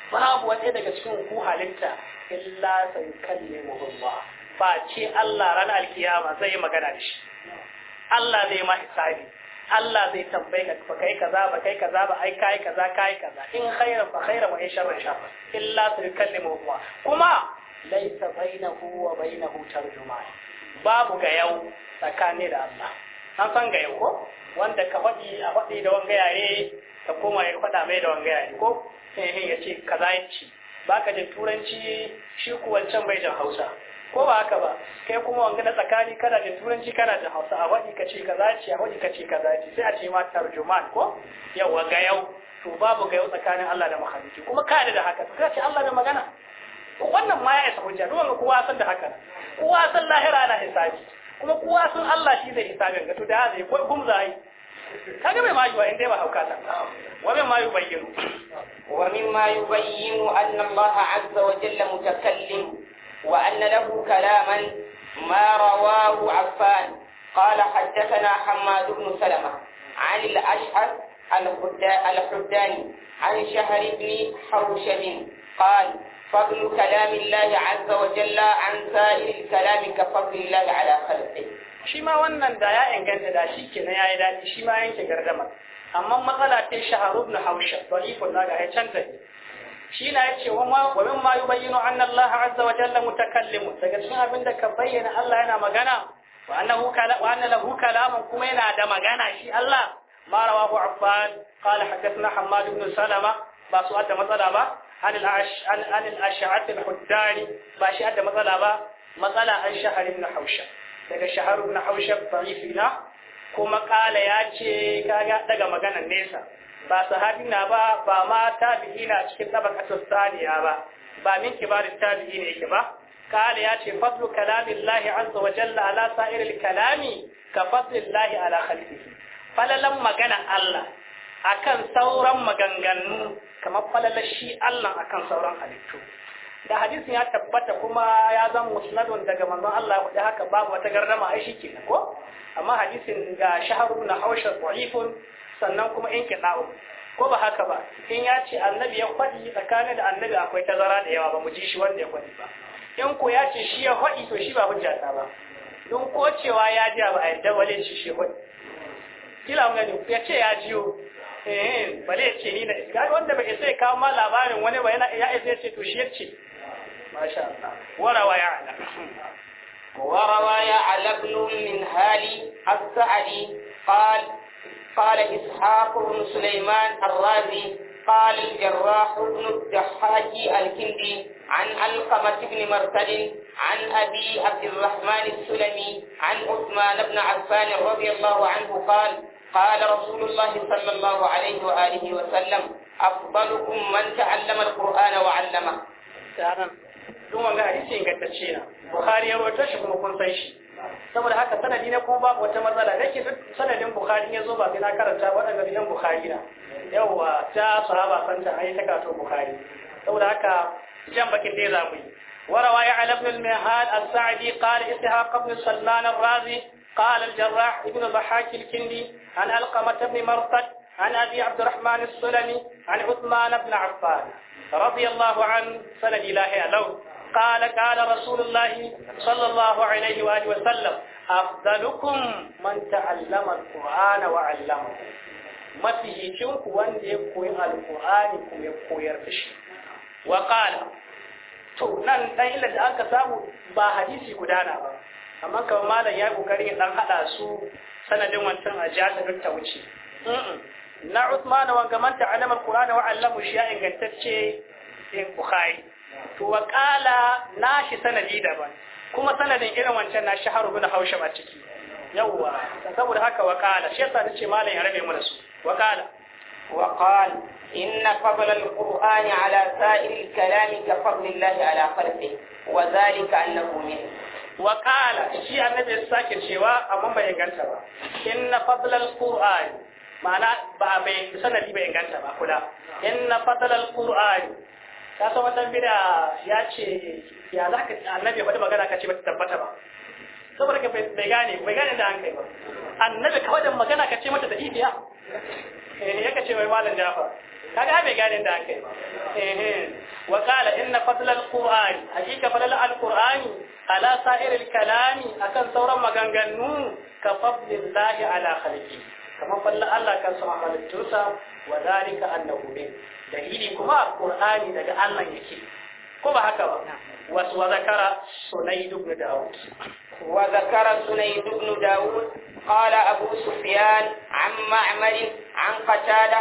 ku daga cikin ku halitta illa sayukallimuhu Allah ba ce Allah ran alkiyama zai magana da shi Allah zai ma hisabi Allah zai tambaye ka fa kai kaza ba kai kaza ba ai kai kaza kai kaza in khaira fa khaira wa in sharran sharra illa tukallimu huwa kuma laysa bainahu wa bainahu tarjuman babu ga yau tsakani da Allah an san ga yau ko wanda ka faɗi a faɗi da wanga yare ka koma ya faɗa mai da wanga yare ko sai eh, ya ce kaza yace baka jin turanci shi can bai jin Hausa ko ba haka ba kai kuma wanga na tsakani kana da turanci kana da hausa a waje ka ce kaza ce a waje ka ce kaza ce sai a ce ma tarjuman ko yawa ga yau to babu ga yau tsakanin Allah da makhalici kuma ka da haka to kace Allah da magana wannan ma ya isa hujja duk wanda kowa san da haka kowa san lahira ana hisabi kuma kowa san Allah shi zai hisabin ga to da zai ko gum zai kaga bai mayu in dai ba hauka ta wa bai mayu bayyinu wa mimma yubayyinu anna Allah azza wa jalla mutakallim وأن له كلاما ما رواه عفان قال حدثنا حماد بن سلمة عن الأشعث الحداني عن شهر بن حوشب قال فضل كلام الله عز وجل عن سائر الكلام كفضل الله على خلقه shi ma wannan da ya inganta da shi kenan ya yi daɗi shi ma yanke gardama amma matsala ta shaharu na hausha dalifin na ga ya canta shi na yace wa ma wa bayyano yubayyinu anna Allah azza wa jalla mutakallimu daga cikin abin da ka bayyana Allah yana magana wa anna lahu kalaman kuma yana da magana shi Allah ma rawahu Affan qala hadathna Hammad ibn Salama ba su adda matsala ba an al-ash'at al-huddari ba shi adda matsala ba matsala an shahar ibn daga shahar ibn Hawsha da'ifina kuma kala yace kaga daga maganar nesa ba sahabi na ba ba ma tabi'i na cikin tabakatul saniya ba ba min kibarin tabi'i ne yake ba kale ya ce fadlu kalamillahi azza wa jalla ala sa'iril kalami ka fadlillahi ala khalqihi falalan magana Allah akan sauran maganganu kamar falalar shi Allah akan sauran halittu da hadisin ya tabbata kuma ya zama musnadun daga manzon Allah da haka babu wata garrama ai shikenan ko amma hadisin ga shahrun na haushar da'ifun sannan kuma in kiɗa'u ko ba haka ba in ya ce annabi ya faɗi tsakanin da annabi akwai tazara da yawa ba mu ji shi wanda ya faɗi ba in ko ya ce shi ya faɗi to shi ba hujja ta ba don ko cewa ya ji ba a yadda wale shi shi faɗi kila mun gani ya ce ya jiyo eh bale ya ce ni na iska wanda bai sai ya kawo ma labarin wani ba yana ya isa ya ce to shi ya ce masha Allah wa ya ala وروى على ابن من هالي السعدي قال قال إسحاق بن سليمان الرازي قال الجراح بن الدحاج الكندي عن علقمة بن مرسل عن أبي عبد الرحمن السلمي عن عثمان بن عفان رضي الله عنه قال قال رسول الله صلى الله عليه وآله وسلم أفضلكم من تعلم القرآن وعلمه. Dun wanga hadisi ingantacce na, Bukhari ya rawaito shi kuma kun san shi. saboda haka sanadi na kuma babu wata matsala nake duk sanadin bukhari ya zo ba sai na karanta ba daga gidan bukhari na yawa ta sahaba san ta ai ta kato bukhari saboda haka jan bakin dai za mu yi warawa ya ala ibn al al-sa'di qala ishaq ibn sallan ar-razi qala al-jarrah ibn al-bahaki al-kindi an alqamat ibn marqad an abi abd الرحمن السلمي عن عثمان بن عفان رضي الله عنه سند الى قال قال رسول الله صلى الله عليه وآله وسلم أفضلكم من تعلم القرآن وعلمه ما شوك وان يقوي القرآن كم يقوي الرشي وقال to nan dan illar da aka samu ba hadisi gudana ba amma kamar malam ya kokari dan hada su sanadin wancan a jihar ta wuce na Uthman wanga man ta'allama al-Qur'ana wa 'allama shi ya ingantacce in Bukhari to wa na shi sanadi daban kuma sanadin irin wancan na shi haru guda haushe ba ciki yawwa saboda haka wa kala shi yasa nace malam ya rabe mana su wa kala wa qal inna fadl ala sa'il alkalam ka fadl allah ala khalqi wa zalika annahu min wa kala sake cewa amma bai ganta ba inna fadl Kur'ani ma'ana ba bai sanadi bai ganta ba kula inna fadl alqur'ani ka san wannan bida ya ce ya za ka annabi wata magana ka ce ba ta tabbata ba saboda ka bai gane bai gane da an kai ba annabi ka wajen magana ka ce mata da ibiya eh ya ka ce wai malam Ka ga bai gane da an kai ba eh, eh wa qala inna fadla alqur'ani hakika fadla alqur'ani ala sa'iril kalami akan sauran maganganu ka fadlillahi ala khalqihi kamar falla Allah kan sama halittunsa wa zalika annahu min dalili kuma qur'ani daga Allah yake kuma haka ba wasu wa zakara sunayd ibn daud wa zakara sunayd ibn daud qala abu sufyan amma amalin an qatada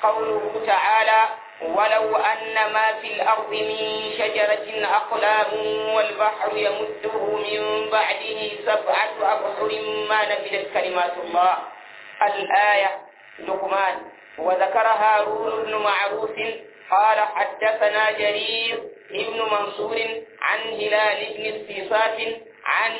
qawluhu ta'ala ولو أن ما في الأرض من شجرة أقلام والبحر يمده من بعده سبعة أبحر ما نفدت كلمات الله الآية لقمان وذكر هارون بن معروف قال حدثنا جرير ابن منصور عن هلال بن السيسات عن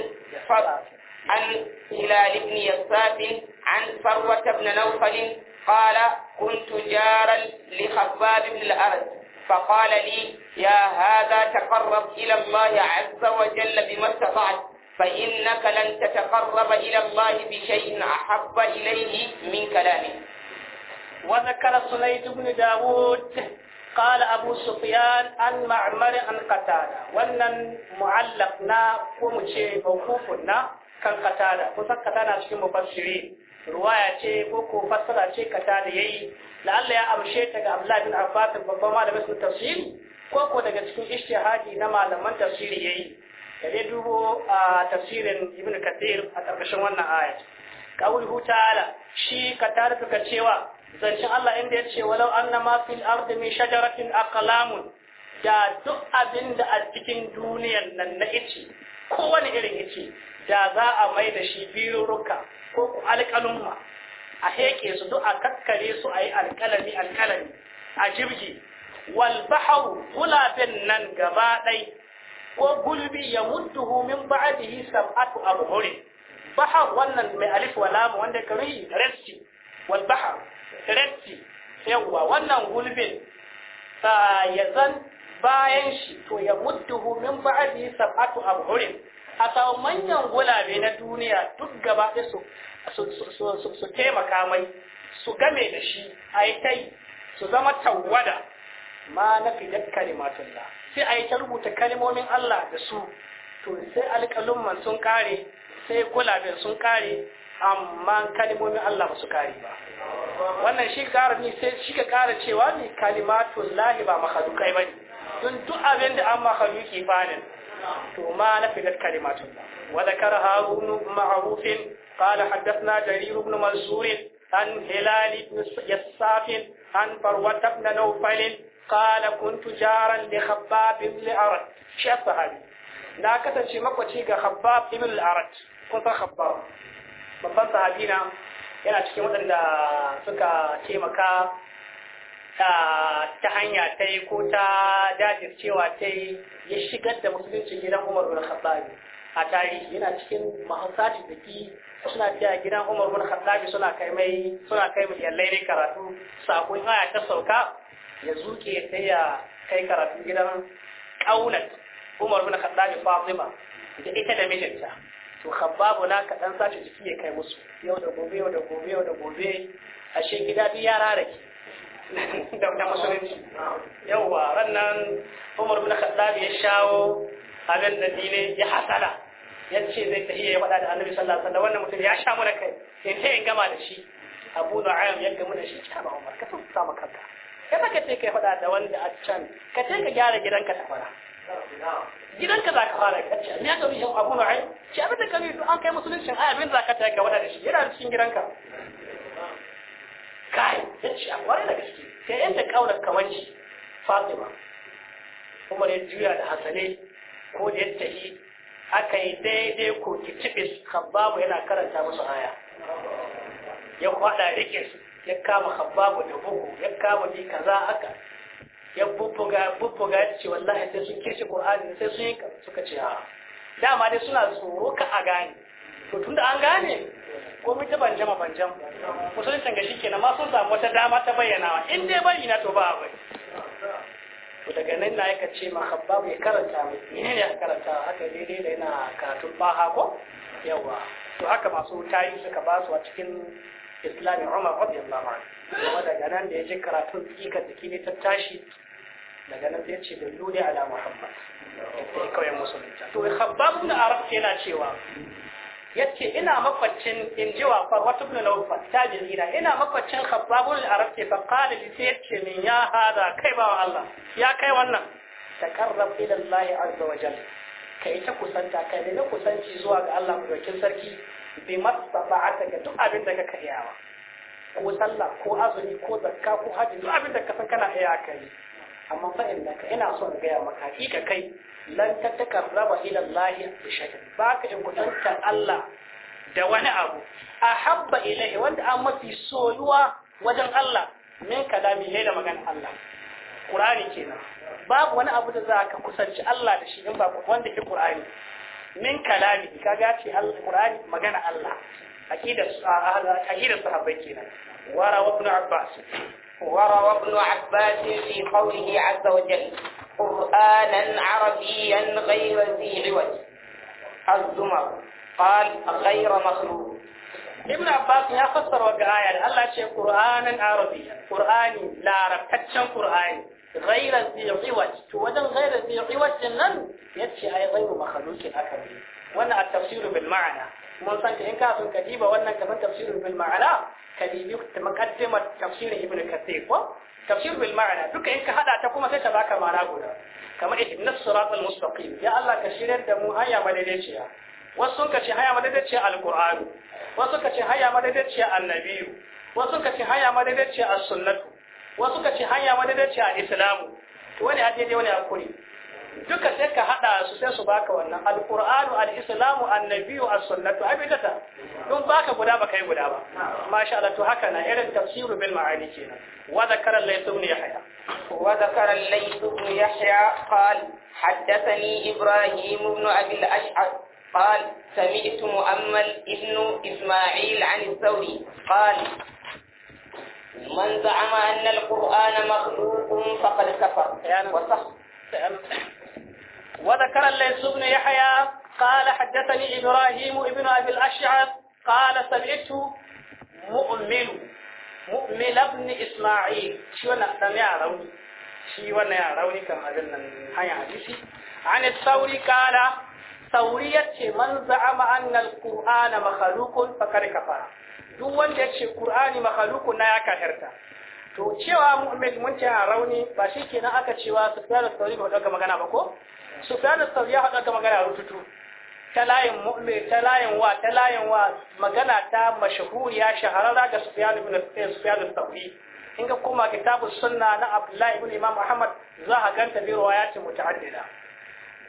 عن هلال بن يسات عن فروة بن نوفل قال كنت جارا لخباب بن الأرض فقال لي يا هذا تقرب إلى الله عز وجل بما استطعت فإنك لن تتقرب إلى الله بشيء أحب إليه من كلامه وذكر سليد بن داود قال أبو سفيان عن معمر عن قتادة ولن معلقنا ومشي موقوفنا كان قتادة وسن قتادة في مفسرين ruwaya ce ko ko fassara ce kata da yayi la'alla ya amshe ta ga Abdullah bin Abbas babban malamin tafsir ko daga cikin ishtihadi na malaman tafsiri yayi kaje dubo a tafsirin ibn kathir a karkashin wannan aya huta ta'ala shi ka tarfi ka cewa Zancen Allah inda ya ce walau anna ma fil ardi min shajaratin aqlamun da duk abin da a cikin duniyar nan na ice kowane irin ice da za a mai da shi birurruka ko ku alƙalumma a heke su duk a kakkare su a yi alƙalami alƙalami a jirgi wal baharu gulabin nan gaba ko gulbi ya mudduhu min ba'dihi sab'atu abhuri bahar wannan mai alif wa lam wanda kari resti wal bahar resti yawa wannan gulbin sa ya zan bayan shi to ya mudduhu min ba'dihi sab'atu abhuri a samu manyan gulabe na duniya duk gaba su su taimaka mai su game da shi a yi su zama tawwada ma na fi dakka ne matun sai a yi ta rubuta kalmomin Allah da su to sai alƙalumman sun kare sai gulabin sun kare amma kalmomin Allah ba su kare ba wannan shi kara ni sai shi ka kara cewa ni kalimatun lahi ba ba ne" don duk abin da an makhluki ne, to ma na fidat kalimatun wa zakara harun Ma'arufin, qala hadathna jarir ibn an hilali ibn an farwata ibn nawfal qala kuntu jaran li khabbab ibn al-arad shi sahabi na kasance makwaci ga khabbab ibn al-arad kun san khabbab sahabi na yana cikin waɗanda suka taimaka ta hanya tai ko ta jajircewa ta yi ya shigar da musulunci gidan umar bin khattabi a tarihi yana cikin mahausacin da ki suna biya gidan umar bin khattabi suna kai mai suna kai mai yallai ne karatu sakon aya ta sauka ya zuke sai ya kai karatu gidan ƙaunar Umar bin Khattab Fatima da ita da mijinta to khabbabu na ka dan sace jiki ya kai musu yau da gobe yau da gobe yau da gobe ashe gida duk yara da ke (laughs) da musulunci yauwa rannan Umar bin Khattab ya shawo abin da dine ya hasala ya ce zai ta iya faɗa da annabi sallallahu alaihi wasallam wannan mutum ya sha mana kai in ta in gama da shi Abu na Nu'aym ya gamu da shi kama Umar ka san sama kanka kada ka ce kai faɗa da wanda a can ka ce ka gyara gidanka ta fara gidanka za ka fara ka ce ya kabi shan abu ma'ai ce abin da ka bi an kai musuluncin ai abin za ka ta ka wada shi yana cikin gidanka kai ya ce a kwarai da gaske ka yanta kaunar kamanci fatima kuma ya juya da hasane ko da ya tafi aka yi daidai ko kitibis kababu yana karanta musu aya ya kwada rikinsu. ya kama habbabu da bugu ya kama ni kaza haka ya bubbuga bubbuga ya ce wallahi sai sun kirshi qur'ani sai sun yi suka ce ha dama dai suna tsoro ka a gane to tunda an gane ko mu ta banjama banjam musulunci ga shikenan ma sun samu wata dama ta bayyana in dai bari na to ba bai to daga nan na yaka ce ma habbabu ya karanta mai ne ya karanta haka daidai da yana karatun baha ko yawa to haka masu tayi suka ba su a cikin islami umar radiyallahu anhu kuma daga nan da ya ji karatun tsika tsiki ne ta tashi daga nan sai ce dallu ne ala muhammad sai kawai musulunta to khabbab ibn arab yana cewa yace ina makwacin in ji wa farwatu ibn nawfal tajirina ina makwacin khabbab ibn arab ke fa qala li sai yace min ya hada kai bawa Allah ya kai wannan taqarrab ila Allah azza wa jalla kai ta kusanta kai ne kusanci zuwa ga Allah mudakin sarki bi mastata'ata ka duk abin da kaka iyawa ko sallah ko azumi ko zakka ko hajji duk abin da ka san kana iya kai amma fa inda ka ina son gaya maka ka kai lan ta takarraba ila Allah bi shay'in baka in kudanta Allah da wani abu ahabba ilaihi wanda an mafi soyuwa wajen Allah min kalami ne da magana Allah Qur'ani kenan babu wani abu da za ka kusanci Allah da shi in ba wanda ke Qur'ani من كلامي كجاتي القرآن مجن الله أكيد آه، آه، أكيد الصحابي كنا وروى ابن عباس وروى ابن عباس في قوله عز وجل قرآنا عربيا غير ذي عوج الزمر قال غير مخلوق ابن عباس يفسر وقعايا الله شيء قرآنا عربيا قرآني لا عرب كتشا قرآني ghairan fi to wajen ghairan fi nan din nan yace ai ghairu makhluqin akali wannan a tafsiru bil ma'ana mun san ka in ka sun kadiba wannan kamar tafsiru bil ma'ana kadibi muqaddimat tafsir ibn kathir ko tafsir bil ma'ana duka in ka hada ta kuma sai ta baka ma'ana guda kamar ihdinas siratal mustaqim ya Allah ka shiryar da mu hanya madaidaiciya wasu sun ka ce haya madaidaiciya alqur'ani wasu sun ka ce haya madaidaiciya annabiyu wasu sun ka ce haya madaidaiciya as-sunnatu wasu ka ce hanya madadaci a islamu wani a daidai wani a kuri duka sai ka hada su sai su baka wannan alqur'anu al-islamu annabiyyu as-sunnatu abidata dun baka guda ba kai guda ba masha Allah to haka na irin tafsiru bil ma'ani kenan wa dhakara al-layth ibn yahya wa dhakara al-layth ibn yahya qala haddathani ibrahim ibn abi al-ash'ab قال سمعت مؤمل ابن إسماعيل عن الثوري قال من زعم أن القرآن مخلوق فقد كفر يعني وصح وذكر الليث بن يحيى قال حدثني إبراهيم ابن أبي الأشعث قال سمعته مؤمن مؤمن ابن إسماعيل شو أنا سمع روني شو أنا روني كما قلنا هاي حديثي عن الثوري قال ثورية من زعم أن القرآن مخلوق فقد كفر duk wanda ya ce Qur'ani makhluqun na ya kafirta to cewa mu'min mun ce a rauni ba shi kenan aka cewa Sufyan da thawri ba dauka magana ba ko Sufyan da thawri ya dauka magana rututu ta layin mu'min ta layin wa ta layin wa magana ta ya shahararra ga Sufyan ibn eh, Sufyan da thawri in ka kuma kitabu sunna na Abdullah ibn Imam muhammad za a ganta bi riwayatin muta'addida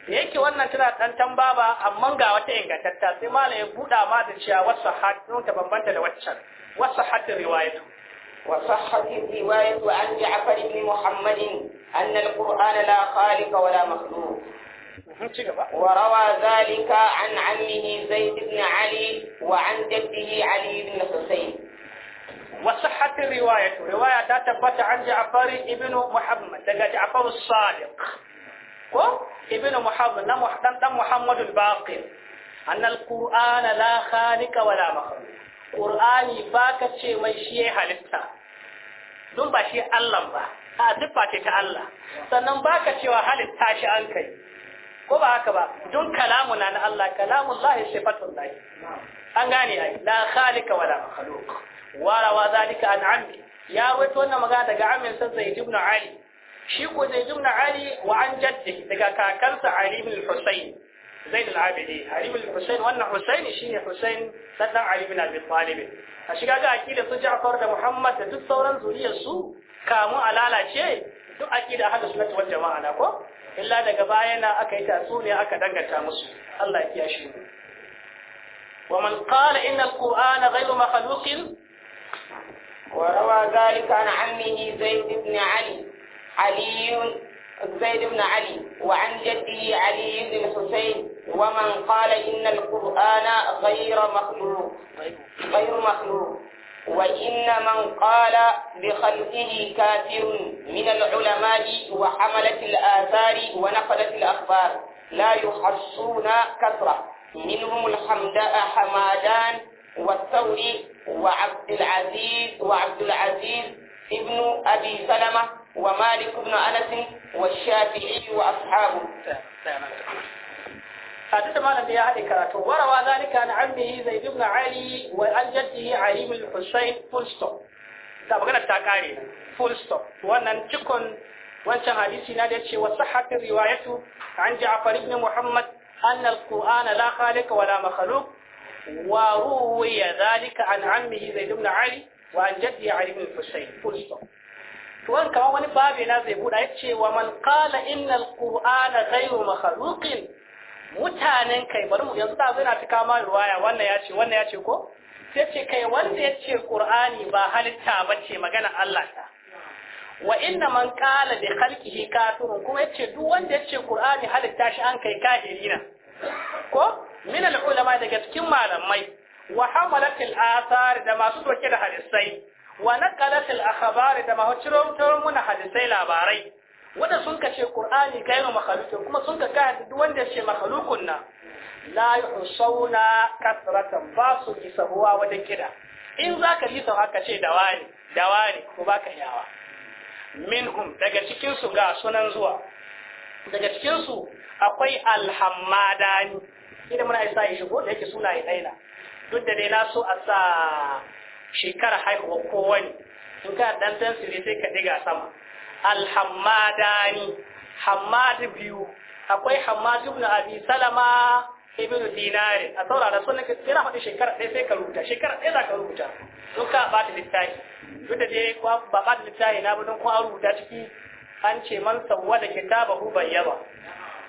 da yake wannan tana dan tambaba amma ga wata ingantatta sai malam ya buɗa ma da cewa wasu hadin ta bambanta da waccan wasu hadin riwayatu وصحت الرواية عن جعفر بن محمد أن القرآن لا خالق ولا مخلوق وروى ذلك عن عمه زيد بن علي وعن جده علي بن حسين وصحت الرواية رواية تثبت عن جعفر بن محمد لقى جعفر الصادق ko ibn muhammad na muhammad dan muhammadul baqir annal qur'ana la khaliqa wala makhluq qur'ani ba ka ce mai shi halitta Dun ba shi Allah ba a siffa ce ta Allah sannan ba ka cewa halitta shi an kai ko ba haka ba don kalamu na na Allah kalamun lahi sifatun lahi an gane ai la khaliqa wala makhluq wa rawa zalika an ammi ya wato wannan magana daga amin sa zaid ibn ali shi ko zai jimna ali wa an jaddi daga kakansa ali bin husayn zain al-abidi ali bin husayn wannan husayn shine husayn dan ali bin abi talib a shiga ga akida su ja'far da muhammad da duk sauran zuriyar su kamu alalace duk akida hada sunnati wal jama'a na ko illa daga baya na aka yi tatsuniya aka danganta musu Allah ya kiyashe mu ومن قال إن القرآن غير مخلوق وروى ذلك عن عمه زيد بن علي علي زيد بن علي وعن جده علي بن الحسين ومن قال إن القرآن غير مخلوق غير مخلوق وإن من قال بخلقه كافر من العلماء وحملة الآثار ونقلة الأخبار لا يحصون كثرة منهم الحمد حمادان والثوري وعبد العزيز وعبد العزيز ابن أبي سلمة ومالك بن أنس والشافعي وأصحابه حديث مالك يا علي وروى ذلك عن عمه زيد بن علي وعن جده علي بن الحسين فول ستوب da magana ta kare full stop wannan cikon wancan hadisi na da ce wa sahhat riwayatu an Ja'far ibn Muhammad anna al-Qur'ana la khaliq wa la makhluq an ammihi Zaid ibn Ali wa an wani kama wani babe na zai buɗa ya ce wa man qala innal qur'ana ghayru makhluqin mutanen kai bari mu yanzu da zai na tuka ma ruwaya wannan ya ce wannan ya ce ko sai ce kai wanda ya ce qur'ani ba halitta ba ce magana Allah ta wa inna man qala bi khalqihi kafirun kuma yace duk wanda yace qur'ani halitta shi an kai kafirina ko min al ulama daga cikin malamai wa hamalatil athar da masu doke da hadisai wa naqalat al akhbar da ma ciro ciro muna hadisai labarai wanda sun kace qur'ani kai ma makhluq kuma sun ka kai duk wanda ce makhluqun na la yuhsawna kasratan fa su kisabuwa wada kida in zaka yi sau haka ce dawani dawani ko baka yawa minhum daga cikin su ga sunan zuwa daga cikin su akwai alhammadani idan muna isa ya shigo da yake suna ya daina duk da dai na so a sa shekara haihuwa kowane in ka dan dan su ne sai ka diga sama alhammadani hammad biyu akwai hammad ibn abi salama ibn dinari a saurara sunan ka tsira hudu shekara ɗaya sai ka rubuta shekara ɗaya za ka rubuta don ka ba ta littafi duk da dai ba ba ta littafi na bi don kuma rubuta ciki an ce man sawwada kitabahu bayyaba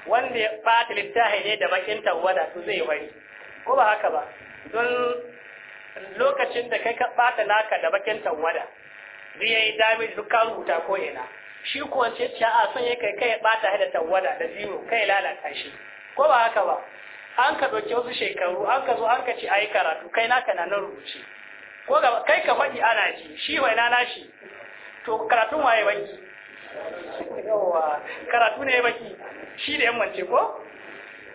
wanda ya bata littafi ne da bakin tawwada to zai yi wani ko ba haka ba don lokacin da kai ka bata naka da bakin tawada zai yi dami duk ka rubuta ko ina shi kuwa ce ce a son yake kai ka bata da tawada da zero kai lalata shi ko ba haka ba an ka ɗauki wasu shekaru an ka zo an ka ce a yi karatu kai naka na nan rubuce ko ga kai ka faɗi ana ji shi wai na nashi to karatun waye baki yawa karatu ne baki shi da yammance ko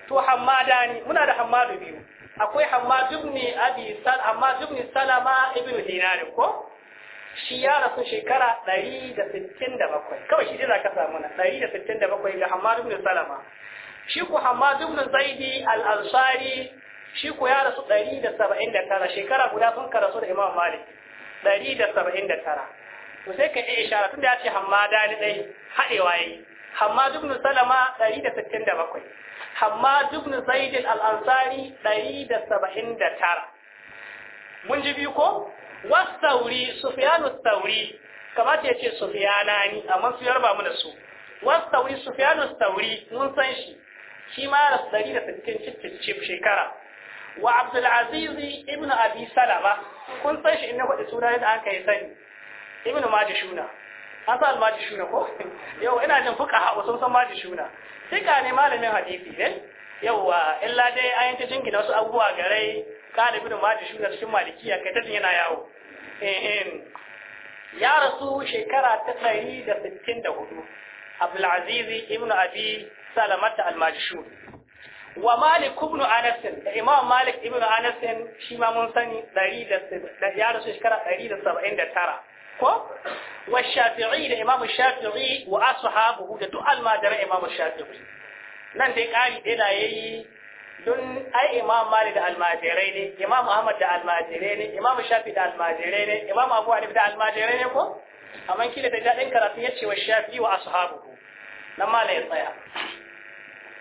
to hammada ne muna da hammadu biyu akwai Hammad dubni Abi Sal amma dubni Salama ibn Dinar ko shi ya rasu shekara 167 kawai shi dai zaka samu na 167 ga Hammad dubni Salama shi ku Hammad ibn Zaidi al-Ansari shi ku ya rasu 179 shekara guda sun karasu da Imam Malik 179 to sai ka yi ishara tunda ya ce Hammada ne dai hadewa yayi Hamma dubni Salama 167 Hammad ibn Zaid al-Ansari 179 mun ji biyu ko wasauri Sufyanu Thauri kamata yace Sufyanani amma su yarba da su wasauri Sufyanu Thauri mun san shi shi ma ya shekara wa abdulaziz ibn abi salama kun san shi in na faɗi suna yadda aka yi sani ibn majishuna an sa shuna ko yau ina jin fuka ha wasu san majishuna fika ne malamin hadisi ne yauwa illa dai an ta jingina wasu abubuwa garai kalibin majishuna cikin malikiya kai ta yana yawo ya rasu shekara ta ɗari da sittin da hudu abdulaziz ibn abi salamata almajishun wa malik ibn anas da imam malik ibn anas shi ma mun sani ɗari da ya rasu shekara ɗari da saba'in da tara ko wa shafi'i da imam shafi'i wa ashabuhu da duk almadara imam shafi'i nan dai kari dai da yayi dun ai imam mali da almajirai ne imam ahmad da almajirai ne imam shafi da almajirai ne imam abu hanif da almajirai ne ko amma kila da dadin karatu yace wa shafi wa ashabuhu nan mala ya tsaya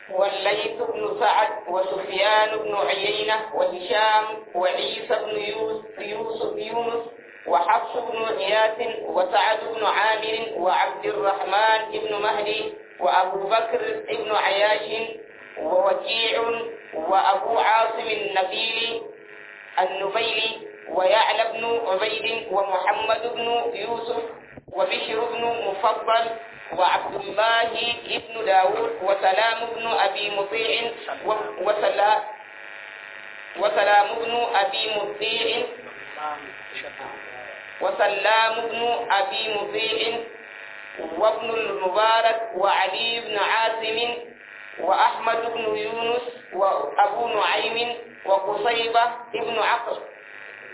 والليث بن سعد وسفيان بن عيينة وهشام وعيسى بن يوسف يونس وحفص بن إياس وسعد بن عامر وعبد الرحمن بن مهدي وأبو بكر بن عياش ووكيع وأبو عاصم النبيل النبيلي ويعلى بن عبيد ومحمد بن يوسف وبشر بن مفضل وعبد الله بن داود وسلام بن أبي مطيع وسلام وسلام بن أبي مطيع وسلام بن أبي مطيع وابن المبارك وعلي بن عاصم وأحمد بن يونس وأبو نعيم وقصيبة بن عقب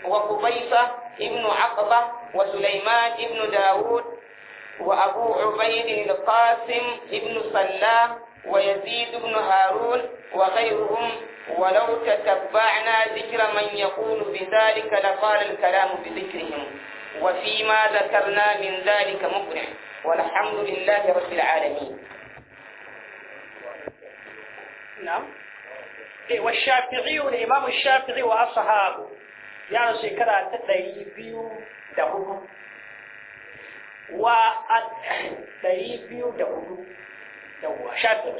وقبيصة بن عقبة وسليمان بن داود وأبو عبيد القاسم بن سلام ويزيد بن هارون وغيرهم ولو تتبعنا ذكر من يقول بذلك لقال الكلام بذكرهم وفيما ذكرنا من ذلك مقنع والحمد لله رب العالمين نعم والشافعي الإمام الشافعي وأصحابه يعني سيكرا تدري بيو دهو و دهو yawwa shafi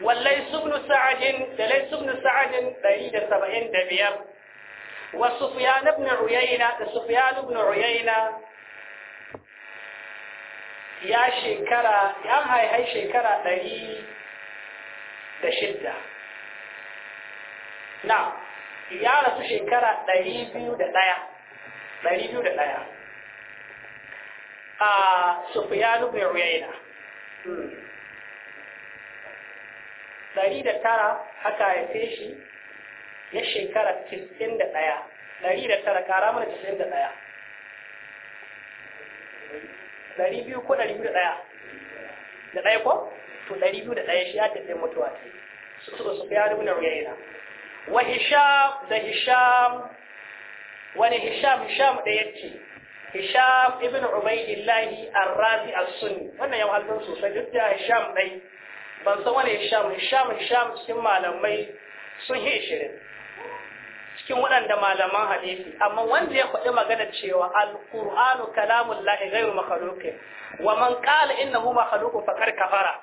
wallai subnu sa'adin da lai subnu sa'adin 175 wa sufyan ibn uyayna da sufyan ibn uyayna ya shekara ya haihai shekara ɗari da shidda na ya rasu shekara 201 201 a sufyan ibn uyayna hmm. ɗari da tara aka haife shi ya shekara tisin da ɗaya ɗari da tara kara mana tisin da ɗaya ɗari biyu ko ɗari biyu da ɗaya da ɗaya ko to ɗari biyu da ɗaya shi ya tafi mutuwa ce su su su ya rubuna ruyaina wa hisham da hisham wani hisham hisham da yake hisham ibn ubaidillahi ar-razi as-sunni wannan yau halin sosai duk da hisham dai ban san wani hisham hisham hisham cikin malamai sun yi shirin, cikin waɗanda malaman hadisi amma wanda ya faɗi magana cewa alqur'anu kalamun lahi ghairu makhluqin wa man qala innahu makhluqun faqad kafara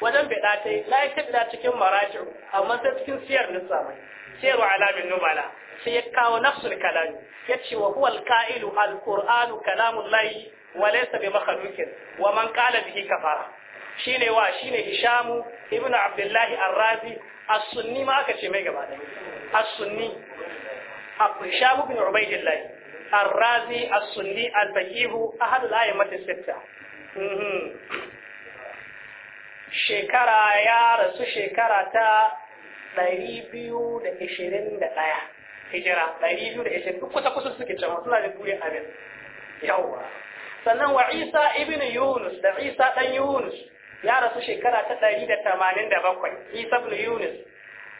wajen bida ta yi la ta cikin maraji'u amma sai cikin siyar nisa mai siyarwa alamin nubala sai ya kawo nafsul kalami ya ce wa huwa alqa'ilu alqur'anu kalamun lahi wa laysa bi makhluqin wa man qala bihi kafara shine wa shine Hishamu ibn Abdullah Ar-Razi as-Sunni ma aka ce mai gaba da as-Sunni Hisham ibn Ubaydillah Ar-Razi as-Sunni al bahihu ahad al ayyamat as-sittah mhm. shekara ya rasu shekara ta 221 hijira 220 kusa kusa suke cewa suna da buye abin yawa sannan wa Isa ibn Yunus da Isa dan Yunus ya rasu shekara ta ɗari da tamanin da bakwai isa ibn yunus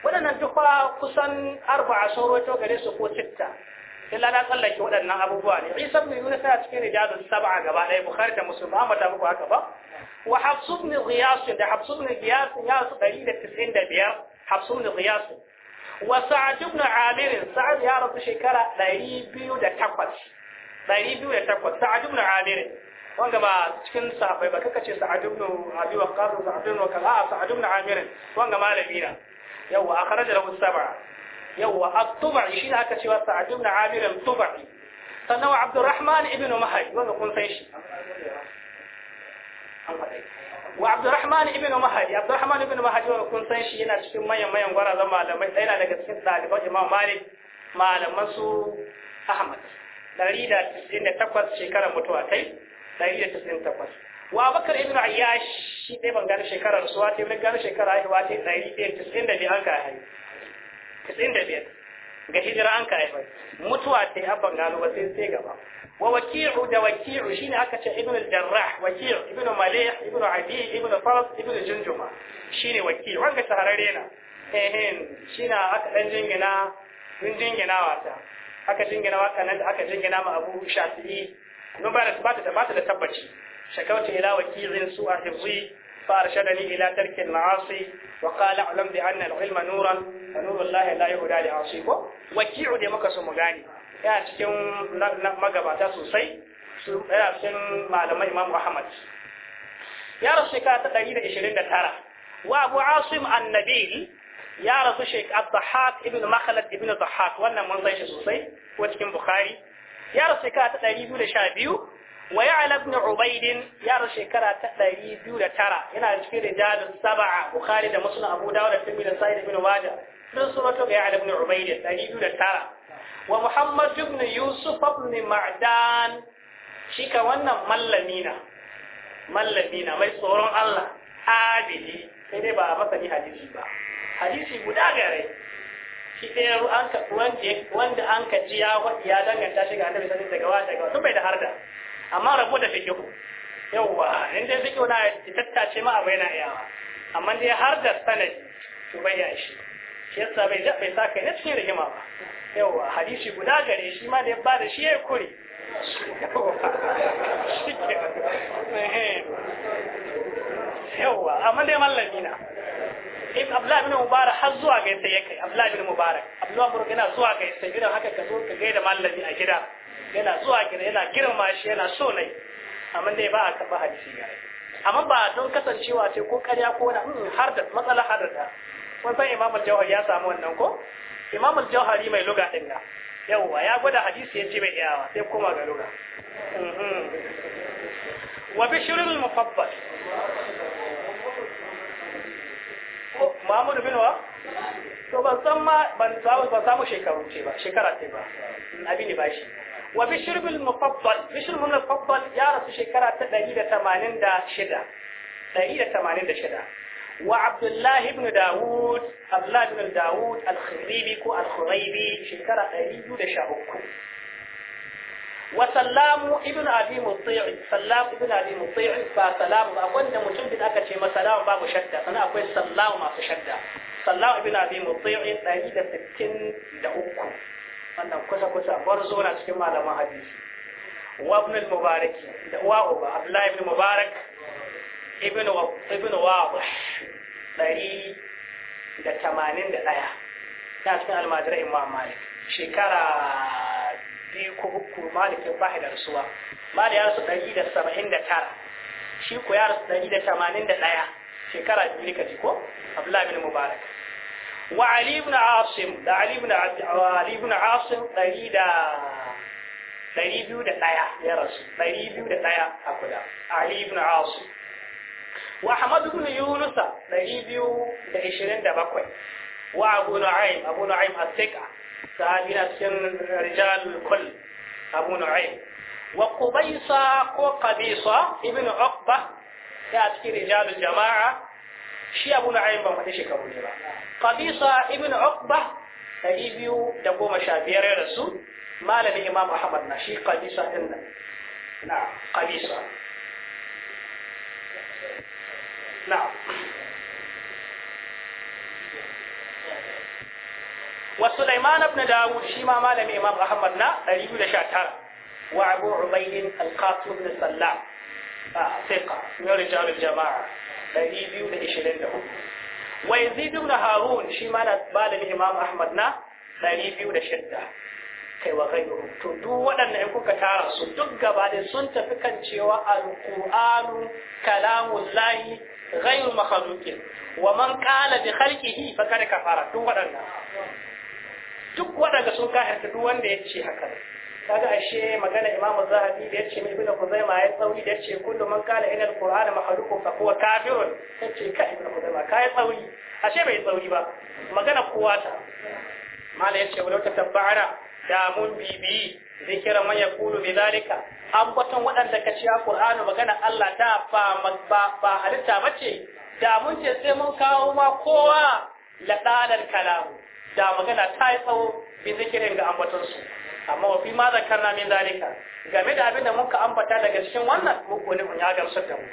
waɗannan duk fa kusan arba'a sun roto gare su ko sitta sai lada tsallake waɗannan abubuwa ne isa ibn yunus yana cikin rijalun sab'a gaba ɗaya bukhari da muslim amma ta muku haka ba wa hafsu ibn ghiyas da hafsu ibn ghiyas ya rasu ɗari da tisin da biyar hafsu ibn ghiyas wa sa'ad ibn amir sa'ad ya rasu shekara ɗari biyu da takwas ɗari biyu da takwas sa'ad ibn amir wanda ba cikin safa'i ba kaka ce sa'ad ibn abi waqqas sa'ad ibn kala sa'ad ibn amirin wanda malami na yawa akhraja lahu sab'a yawa at tuba shi aka ce wa ibn amir at-tubai sannan wa abdurrahman ibn mahdi wanda kun san shi wa abdurrahman ibn mahdi abdurrahman ibn mahdi wanda kun san shi yana cikin manyan manyan gwarazan malamai ɗaya daga cikin ɗaliban imam malik malaman su ahmad 198 shekarar mutuwa tai 198 wa bakar ibn ayyash shi ne ban gane shekarar suwa ta ibn gane shekara haihuwa ta 195 an ka haihu 95 ga hijira an kai haihu mutuwa ta yi abban gano ba sai sai gaba wa waki'u da waki'u shine aka ce ibn al-jarrah waki'u ibn malih ibn abi ibn faras ibn junjuma ne waki'u wanda shahararre na ehen eh, shine aka ɗan jingina sun jingina wata aka jingina waka nan da aka jingina ma abu shafi'i domin ba ta ba ta da tabbaci shakawtu ila wakilin su a hifzi fa ni ila tarkin ma'asi wa qala alam bi anna al-ilma nuran wa nuru Allah la yuhda li asi ko waki'u da muka so mu gane yana cikin magabata sosai su yana cikin malamai Imam Ahmad ya rasu shekara ta tara wa Abu Asim An-Nabil ya rasu shekara Dhahak ibn Makhlad ibn Dhahak wannan mun san shi sosai ko cikin Bukhari ya shekara ta ɗari biyu da sha biyu wa ya ala ibn ubaidin ya shekara ta ɗari biyu da tara yana da cikin rijalun saba'a bukhari da muslim abu dawud da tirmidhi da sa'id ibn waja sun sunato ga ya ala ibn ubaidin ɗari biyu da tara wa muhammad ibn yusuf ibn ma'dan shi ka wannan mallamina mallamina mai tsoron Allah abidi sai dai ba a masani hadisi ba hadisi guda gare an ka wanda an ka ji ya ya danganta shi ga annabi sallallahu daga wata daga wasu bai da harda amma rabu da fikihu yawwa in dai fikihu na tattace ma abu yana iyawa amma dai har da sanadi to bai ya shi shi yasa bai bai sa kai na cikin rigima ba yawwa hadisi guda gare shi ma da ya da shi ya kuri. (laughs) Yawwa! amma dai mallami na in abdullahi bin mubarak har zuwa ga sai yake abdullahi bin mubarak abdullahi mu yana zuwa ga sai gidan haka ka zo ka gaida mallami a gida yana zuwa gida yana girma shi yana so ne amma dai ba a karɓa hadisi ga amma ba don kasancewa ce ko ƙarya ko wani hmm, har da matsala har da kun san imam al-jawhari ya samu wannan ko imam al-jawhari mai luga din nan yawwa ya gwada hadisi ya yace bai iyawa sai koma ga luga hmm, hmm. wa bishrul mufabbal Muhammadu bin wa? To ban san ma ban samu ban shekaru ce ba, shekara ce ba. Abin ba shi. Wa Bishr bil Mufaddal, Bishr ya rasu shekara ta ɗari da tamanin da shida. Wa Abdullahi ibn Dawud, Abdullahi ibn Dawud al-Khiribi ko al-Khuraibi shekara ɗari biyu da sha 213. وسلام ابن ابي مطيع سلام ابن ابي مطيع فسلام اكون ده متم بن aka ce masalam babu shada? sana akwai sallam masu shadda sallam ibn abi mutti' dai da tikin da uku wannan kusa kusa bar zuwa cikin malaman hadisi wa ibn al uba abdullahi ibn mubarak ibn wa ibn wa dai da 81 ta cikin al-madrasa imam malik shekara biyu ko uku malik bahi da rasuwa malik ya ɗari da saba'in da tara shi ko ya rasu ɗari da tamanin da ɗaya shekara biyu ne kaji ko abdullahi bin mubarak wa ali ibn asim da ali ibn ali ibn asim ɗari da ɗari biyu da ɗaya ya rasu ɗari biyu da ɗaya a kuda ali ibn asim wa ahmad ibn yunus ɗari biyu da ishirin da bakwai wa abu nu'aym abu nu'aym ثانية رجال كل أبو نعيم وقبيصة وقبيصة ابن عقبة يأتي رجال الجماعة شي أبو نعيم بمحيشك أبو نعيم قبيصة ابن عقبة تأيبيو دبو مشابير رسول ما لدي إمام أحمد ناشي قبيصة إن نعم قبيصة نعم wa Sulaiman na Dawud shi ma malamin Imam Ahmad na 219 wa Abu Ubayd al-Qasim ibn Sallam ثقة من رجال الجماعة نبيبي ونشلين له ويزيد بن هارون شي na بال الإمام أحمدنا نبيبي ونشدة kai wa kai to duk waɗannan in kuka tara su duk gabaɗe sun tafi kan cewa alqur'anu Kalamun, lahi ghayru makhluqin wa man qala bi khalqihi faqad kafara duk waɗannan duk waɗanda sun kahirta duk wanda ya ce haka kaga ashe magana imam zahabi da yace mai bin kuzaima ya tsauri da yace kullu man kana ina alquran mahlukun fa huwa kafir yace ka ibn kuzaima kai tsauri ashe bai tsauri ba magana kowa ta mala yace wala tatabbara da mun bibi zikira man yaqulu bidhalika an batan wadanda ka ci alquran magana Allah ta ba ba halitta bace da mun ce sai mun kawo ma kowa la dalal da magana ta yi tsawo bi ga ambatonsu amma wa ma zakarna min zalika game da abin da muka ambata daga cikin wannan muku ne ya gamsu da mu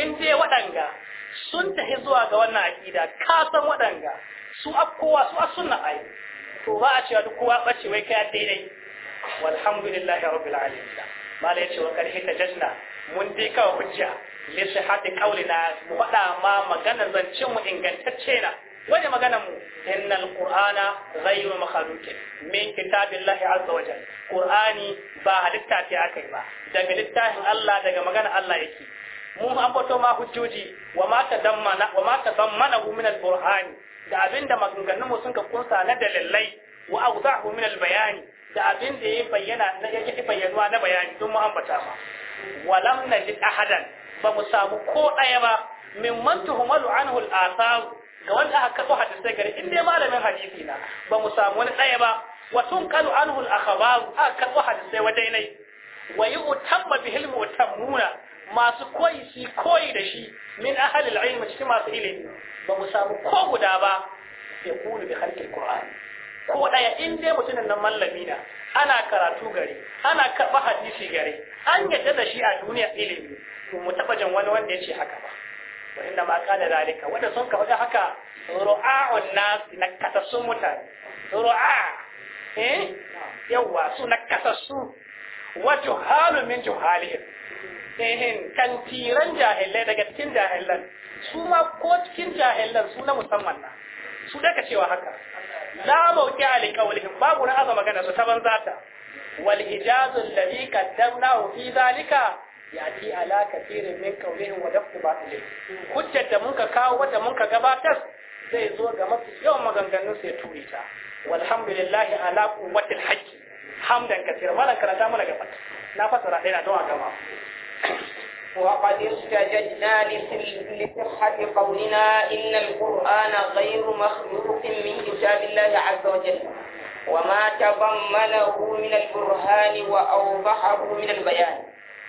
in dai waɗanga sun tafi zuwa ga wannan akida ka san waɗanga su afkowa su asunna ai to ba a cewa duk kowa bace wai kai daidai walhamdulillahi rabbil alamin mala yace wa karhi tajna mun dai kawo hujja li sihhati qawlina mu faɗa ma magana zancin mu ingantacce na wani magana mu innal qur'ana ghayru makhluqin min kitabillahi azza wa jalla qur'ani ba halitta ce akai ba daga littafin Allah daga magana Allah yake mu ambato ma hujjoji wa ma tadammana wa ma tadammana min al-qur'ani da abinda maganganun mu sun ka kunsa na dalilai wa awdahu min al-bayani da abinda yayi bayyana na yake bayyanuwa na bayani don mu ambata ma walam najid ahadan ba mu samu ko daya ba min man tuhumalu anhu al-athar ga wanda aka kafa hadisai gare in dai malamin hadisi na ba mu samu wani ɗaya ba wa kalu anhu al-akhbar aka kafa hadisai wadai nai wa yu'tamma bihil mu'tammuna masu koyi shi koyi da shi min al ilm cikin masu ilimi ba mu samu ko guda ba ya kulu bi al qur'an ko daya in dai mutumin nan mallami na ana karatu gare ana karɓa hadisi gare an yadda da shi a duniya ilimi to mu taba jan wani wanda ya ce haka ba wa inna ma kana zalika wanda sun ka faɗa haka ru'a'un nas nakasassun mutane ru'a eh yawa su na nakasassu wa juhalu min juhalihim ehin kantiran jahilai daga cikin jahilan su ma ko cikin jahilan su na musamman na su daga cewa haka la mawqi alqawlihim babu na azama magana su ta banzata wal hijazu alladhi qaddamnahu fi zalika yaki ala kathirin min qawlihim wa dafu batilih hujjar da muka kawo wata muka gabatar zai zo ga mafi yawan maganganun sai ture ta walhamdulillahi ala quwwatil haqqi hamdan kathira malan karanta mana gaba na fasara ɗaya don a gama وقد استجدنا لصحة قولنا إن القرآن غير مخلوق من كتاب الله عز وجل وما تضمنه من البرهان وأوضحه من البيان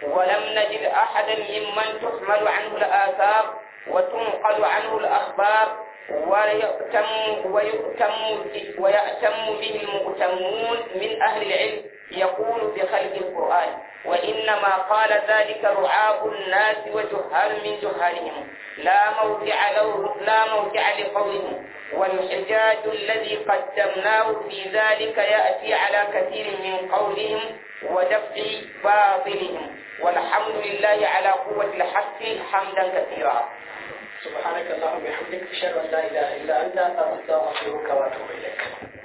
ولم نجد أحدا ممن تحمل عنه الآثار وتنقل عنه الأخبار ويأتم ويأتم ويأتم به المؤتمون من أهل العلم يقول بخلق القرآن وإنما قال ذلك رعاب الناس وجهال من جهالهم لا موضع له لا موضع لقولهم والحجاج الذي قدمناه في ذلك يأتي على كثير من قولهم ودفع باطلهم والحمد لله على قوة الحق حمدا كثيرا سبحانك اللهم وبحمدك أشهد أن لا إله إلا أنت أستغفرك وأتوب إليك